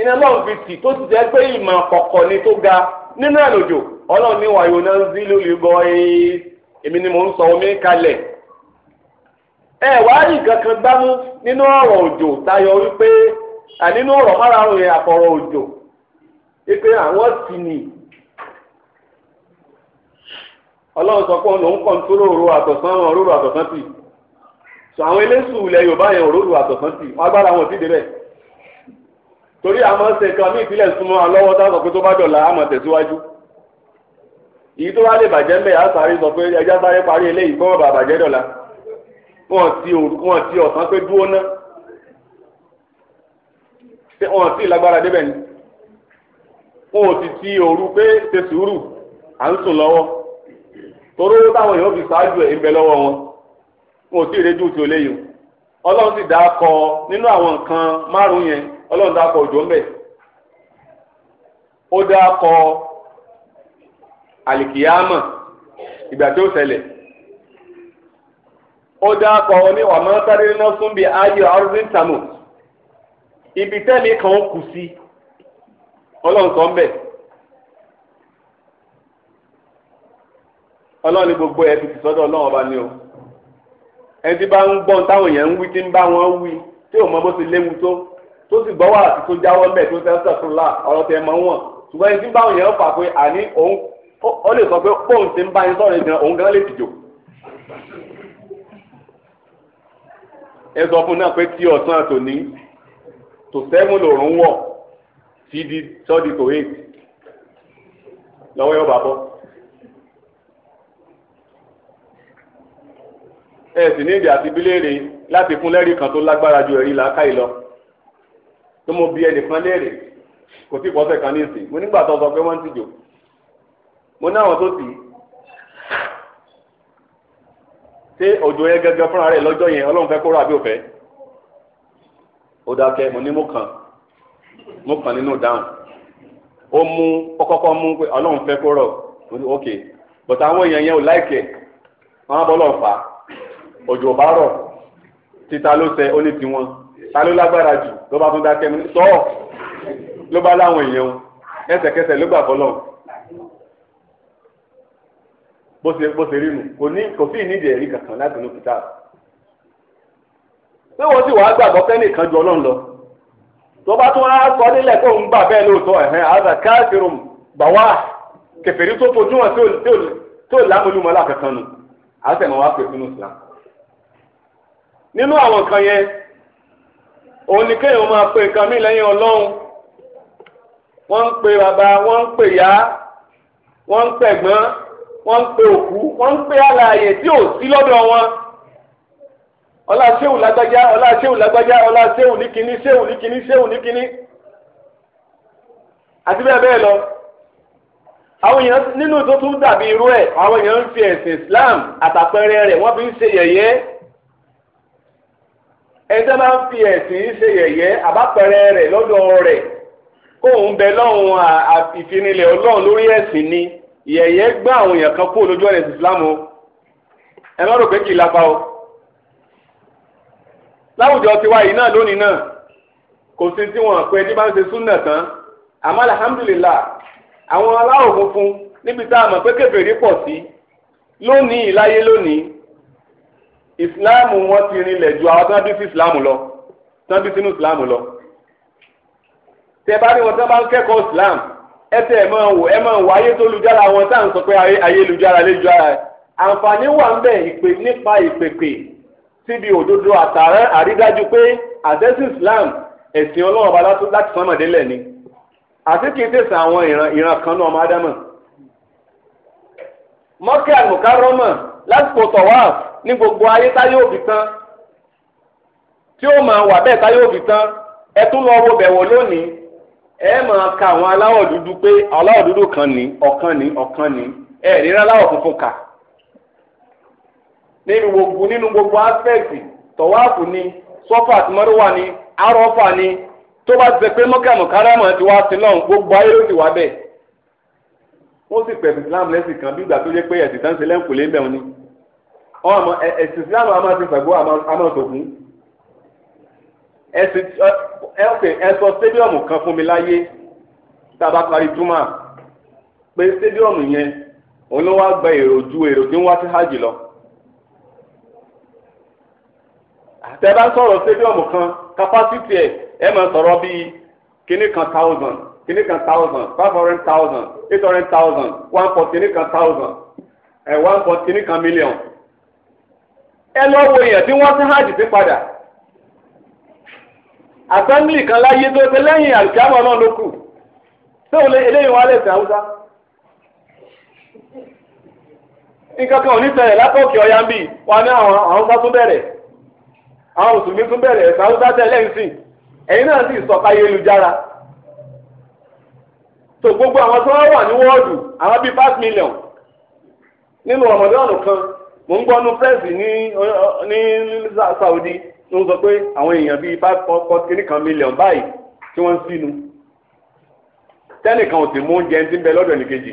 iná náà fi tì tó ti jẹ́ pé ìmọ̀ ni tó ga nínú ẹ̀ lòjò ọlọ́run ní wàyò náà ń zí lórí èmi ni mò ń sọ omi kalẹ̀ ẹ wàá rí nínú ọ̀rọ̀ òjò tayọ wípé ọ̀rọ̀ yẹn òjò wípé àwọn sì sọ pé òun lòún kọ́ńtúrò òru àtọ̀sán àtọ̀sán tì sọ àwọn eléṣù ilẹ̀ yorùbá yẹn òróòlù àtọ̀kán sí wọn agbára wọn ti débẹ̀ torí àwọn ṣe kan ní ìpínlẹ̀ súnmọ́ alọ́wọ́ táwọn pé tó bá dọ̀la àmọ̀ tẹ̀síwájú èyí tó wá lè bàjẹ́ mẹ́ẹ̀ àsáré sọ pé ẹja sáré parí eléyìí kọ́ bàbà bàjẹ́ dọ̀la wọn ti òru wọn ti ọ̀sán pé dúró ná wọn ti lágbára débẹ̀ ni wọn ò ti ti òru pé ṣe sùúrù à ń sùn lọ́wọ́ torí táwọn èèyàn fi ṣáájú ẹ̀ ń bẹ lọ́wọ́ wọn. wọn ò tí ì ọlọ́run ti dá kọ nínú àwọn nǹkan márùn yẹn ọlọ́run dá kọ òjò ń ó dá kọ àlìkìyámà ìgbà tí ó ó dá kọ ní ọ̀mọ́tàdínlẹ́nà fún bíi ayé tàmù ibi tẹ́lẹ̀ kan kù sí ọlọ́run sọ ń ọlọ́run ní gbogbo ẹ̀ fi ọba ni o. ẹni tí bá ń gbọ́n táwọn èèyàn ń wí tí ń bá wọn wí tí ò mọ bó ti léwu tó tó sì gbọ́ wàhálà tó jáwọ́ mẹ́ẹ̀ tó sẹ́sẹ̀ fún la ọ̀rọ̀ tẹ̀ mọ́ wọn ṣùgbọ́n ẹni tí ń bá wọn yẹn fà pé àní òun ó lè sọ pé bóun ti ń bá yín sọ̀rọ̀ ìgbìyànjú òun gan lè tìjò. ẹ sọ fún náà pé tí ọ̀sán àtòní tò sẹ́mù lòrùn wọ̀ tí di sọ́ọ̀dì tò éèdì lọ́wọ́ yóò bá bọ́. ẹ sì ní èdè àti bíléèrè láti fún lẹ́rìí kan tó lágbára ju ẹ̀rí làákàyè lọ tó mo bi ẹnìkan léèrè kò sí ìpọ́sẹ̀ kan ní ìsìn mo nígbà tó sọ pé wọ́n ti jò mo ní àwọn tó tì í ṣé òjò yẹn gẹ́gẹ́ fúnra rẹ̀ lọ́jọ́ yẹn ọlọ́run fẹ́ kó rà bí òfẹ́ ó dákẹ́ mo ní mo kàn mo kàn nínú dáhùn ó mú ó kọ́kọ́ mú pé ọlọ́run fẹ́ kó rọ̀ mo ní ok bọ̀tà àwọn èèyàn yẹn ò láìkẹ̀ wọ́n á bọ́ lọ́ọ̀ fà á òjò bá rọ̀ títa ló sẹ ó ní tiwọn ta ló lágbára jù ló bá tún dákẹ́ ní sọ ló bá láwọn èèyàn ẹsẹ̀kẹsẹ̀ ló gbà fọlọ́ bó ṣe bó ṣe rí nu kò ní kò sí ìnídìí ẹ̀rí kankan láti inú kìtà pé wọ́n sì wàá gbàgbọ́ fẹ́nìkan ju ọlọ́run lọ tó bá tún á sọ nílẹ̀ tó ń gbà bẹ́ẹ̀ lóòótọ́ ẹ̀hẹ́n àgbà káàkiri gbàwá kẹfẹ́rí tó fojú hàn tí lámúlùmọ́lá kankan nù àtẹ̀mọ́ wa pè sínú Islam nínú àwọn nǹkan yẹn òun ni kéèyàn máa pe nǹkan mí lẹ́yìn ọlọ́run wọ́n ń pe bàbá wọ́n ń pe ìyá wọ́n ń pẹ̀gbọ́n wọ́n ń pe òkú wọ́n ń pe alààyè tí ò sí lọ́dọ̀ wọn ọlá ṣéwù lágbájá ọlá ṣéwù lágbájá ọlá ṣéwù ní kinní ṣéwù ní kinní ṣéwù ní kinní àti bẹ́ẹ̀ bẹ́ẹ̀ lọ àwọn èèyàn nínú tó tún dàbí irú ẹ̀ àwọn èèyàn ń fi ẹ̀sìn Islam àtàpẹrẹ rẹ̀ wọ́n fi ń ṣe yẹ̀yẹ́ ẹ̀ńtẹ́ máa ń fi ẹ̀sìn ṣe yẹ̀yẹ́ àbápẹ̀rẹ̀ rẹ̀ lọ́dọ̀ rẹ̀ kóun bẹ lọ́hùn ìfinilẹ̀ ọlọ́run lórí ẹ̀sìn ni yẹ̀yẹ́ gbá àwọn èèyàn kan kú olójú ọ̀rẹ́ Islam o ẹ má rò pé kì í lapa o láwùjọ tiwa yìí náà lónìí náà kò sí tí wọn pé ẹni bá ń ṣe súnà tán àmọ́ alhamdulillah àwọn aláwọ̀ funfun níbi tá a mọ̀ pé kèfèrí pọ̀ sí lónìí láyé lónìí ìsìláàmù wọn ti rinlẹ̀ ju àwọn tó ń bí sí ìsìláàmù lọ tó ń bí sínú ìsìláàmù lọ. tẹ bá ní wọn tó bá ń kẹ́kọ̀ọ́ ìsìláàmù ẹ tẹ ẹ máa wò ẹ máa wò ayé tó lujára wọn tá à ń sọ pé ayélujára lè ju ara ẹ. àǹfààní wà ń bẹ̀ ìpè nípa ìpèpè síbi òdodo àtàrà àrídájú pé àdẹ́sí ìsìláàmù ẹ̀sìn ọlọ́run ọba láti sánmọ̀délẹ̀ ni àti kì í tẹ̀sán àwọn ìran kan náà ọmọ ádámọ̀ mọ́kẹ́ àlùkárọ́mọ̀ lásìkò tọ̀wáàfù ní gbogbo ayé táyé òbí tán tí ó máa wà bẹ́ẹ̀ táyé òbí tán ẹ tún lọ wo lónìí ẹ máa ka àwọn aláwọ̀ dúdú pé aláwọ̀ dúdú kan ní ọ̀kan ní ọ̀kan ní ẹ ríra aláwọ̀ funfun kà gbogbo nínú gbogbo aspect ni sọ́fà àti mọ́rúwà ni arọ́fà ni tó bá ti pé ti wá gbogbo ayé ló ti wá Islam lẹ́sìn kan bí ìgbà tó yẹ pé ẹ̀sìn tán ọmọ ẹ̀sìn Islam a máa ti Ṣàngó a máa sògùn ẹ̀sìn ẹ̀sọ stadium kan fún mi láyé tá a bá parí túmọ̀ pé stadium yẹn òun ló wá gba èrò ju èrò tí ń wá sí hajj lọ. tẹ́ bá sọ̀rọ̀ stadium kan capacity ẹ̀ ẹ̀ máa sọ̀rọ̀ bíi kíní kan thousand kíní kan thousand five hundred thousand eight hundred thousand one point kíní kan thousand one point kíní kan million. ẹ lọ wo èèyàn tí wọ́n tún hajj sí padà assembly kan láyé tó ṣe lẹ́yìn náà ló kù tó eléyìí wọn lè sìn haúsá nǹkan kan ò ní ṣẹlẹ̀ látọ̀kì ọ̀yá ń bì wọn ní àwọn tún bẹ̀rẹ̀ àwọn mùsùlùmí tún bẹ̀rẹ̀ tẹ̀lé ń gbogbo àwọn wà ní wọ́ọ̀dù àwọn bíi five million kan mo ń gbọ́ nu pẹ́ẹ́sì ní ní Saudi tó ń sọ pé àwọn èèyàn bíi five point kìíní kan mílíọ̀n báyìí tí wọ́n ń sínú tẹ́nìkan ò sì mú oúnjẹ ẹni tí ń bẹ lọ́dọ̀ ẹnìkejì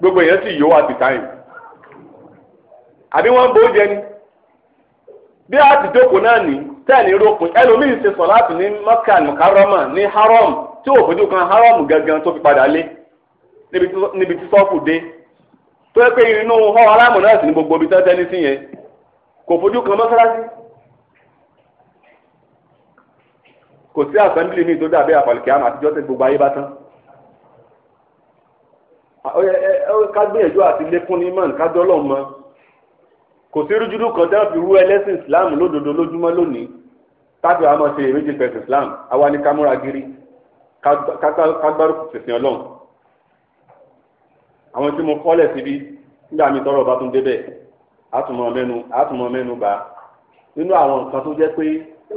gbogbo èèyàn sì yòówó àti táyìn àbí wọ́n ń bo oúnjẹ ni bí a ti jókòó náà ní tẹ́ẹ̀ni rókun ẹlòmíì ṣe sọ láti ní Makkah Mukarrama ní haram tí ò fojú kan haram gangan tó fi padà lé níbi tí sọ́ọ̀fù dé tó yẹ pé inú họ́ aláàmù náà sì ní gbogbo ibi tẹ́tẹ́ ní sí yẹn kò fojú kan mọ́sálásí kò sí assembly mi tó dàbí àfàlùkì àmà àtijọ́ tẹ gbogbo ayé bá tán ká gbìyànjú àti lékún ní mọ́n ká dọ́lọ́ mọ́ kò sí rújúdú kan tẹ́wọ́n fi rú ẹlẹ́sìn Islam lódodo lójúmọ́ lónìí tábìlì àmọ́ ṣe èméjì pẹ̀sì Islam àwa ní ká múra gírí ká gbárùkù tẹ̀sìn Ọlọ́run àwọn tí mo kọ́lẹ̀ síbi nígbà mi tọrọ bá tún débẹ̀ àtúmọ̀ mẹ́nu àtúmọ̀ mẹ́nu bá nínú àwọn nǹkan tó jẹ́ pé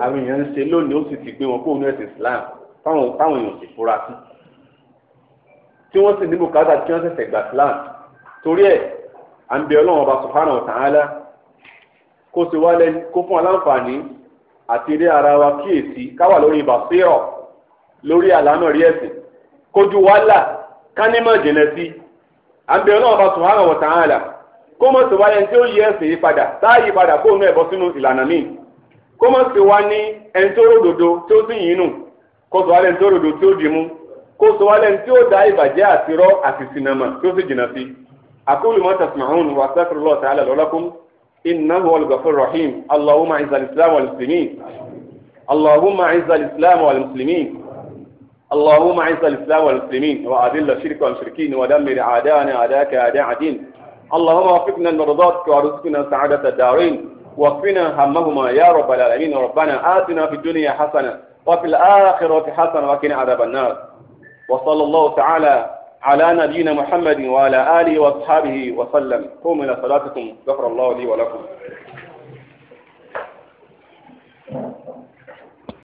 àwọn èèyàn ń ṣe lónìí ó sì ti gbé wọn kóònù ẹ̀sìn Islam táwọn táwọn èèyàn sì fura sí tí wọ́n sì ní bùkátà tí wọ́n ṣẹ̀ṣẹ̀ gbà Islam torí ẹ̀ à ń bẹ Ọlọ́run ọba subhanahu wa ta'ala kó ṣe wá lẹ́ni kó fún aláǹfààní àti eré ara wa kíyèsí káwà lórí ìbàṣírọ̀ lórí àlámọ̀rí ẹ̀sìn kójú wàhálà kánímọ̀ jìnà sí i àbẹ̀ ọlọ́run bá subhanahu wa ta'ala kó mọ̀ sí wa ẹni tí ó yí ẹ̀sìn yìí padà tá a yí padà kó nu ẹ̀bọ sínú ìlànà míì kó mọ̀ sí wa ní ẹni tó ródòdó tí ó sì yín nù kó sọ wa lẹ́ni tó ródòdó tí ó dì mú kó sọ wa lẹ́ni tí ó dá ìbàjẹ́ àti rọ́ àti sinamà tí ó sì jìnnà sí. aqulu ma tasma'un wa astaghfirullah ta'ala lakum innahu huwal ghafurur rahim allahumma izzal wal muslimin allahumma izzal wal muslimin. اللهم اعز الاسلام والمسلمين واذل الشرك والمشركين ودمر اعداءنا اعداءك اعداء الدين اللهم وفقنا لمرضاتك وارزقنا سعاده الدارين واكفنا همهما يا رب العالمين ربنا آتنا في الدنيا حسنة وفي الآخرة حسنة وقنا عذاب النار وصلى الله تعالى على نبينا محمد وعلى آله واصحابه وسلم قوموا الى صلاتكم غفر الله لي ولكم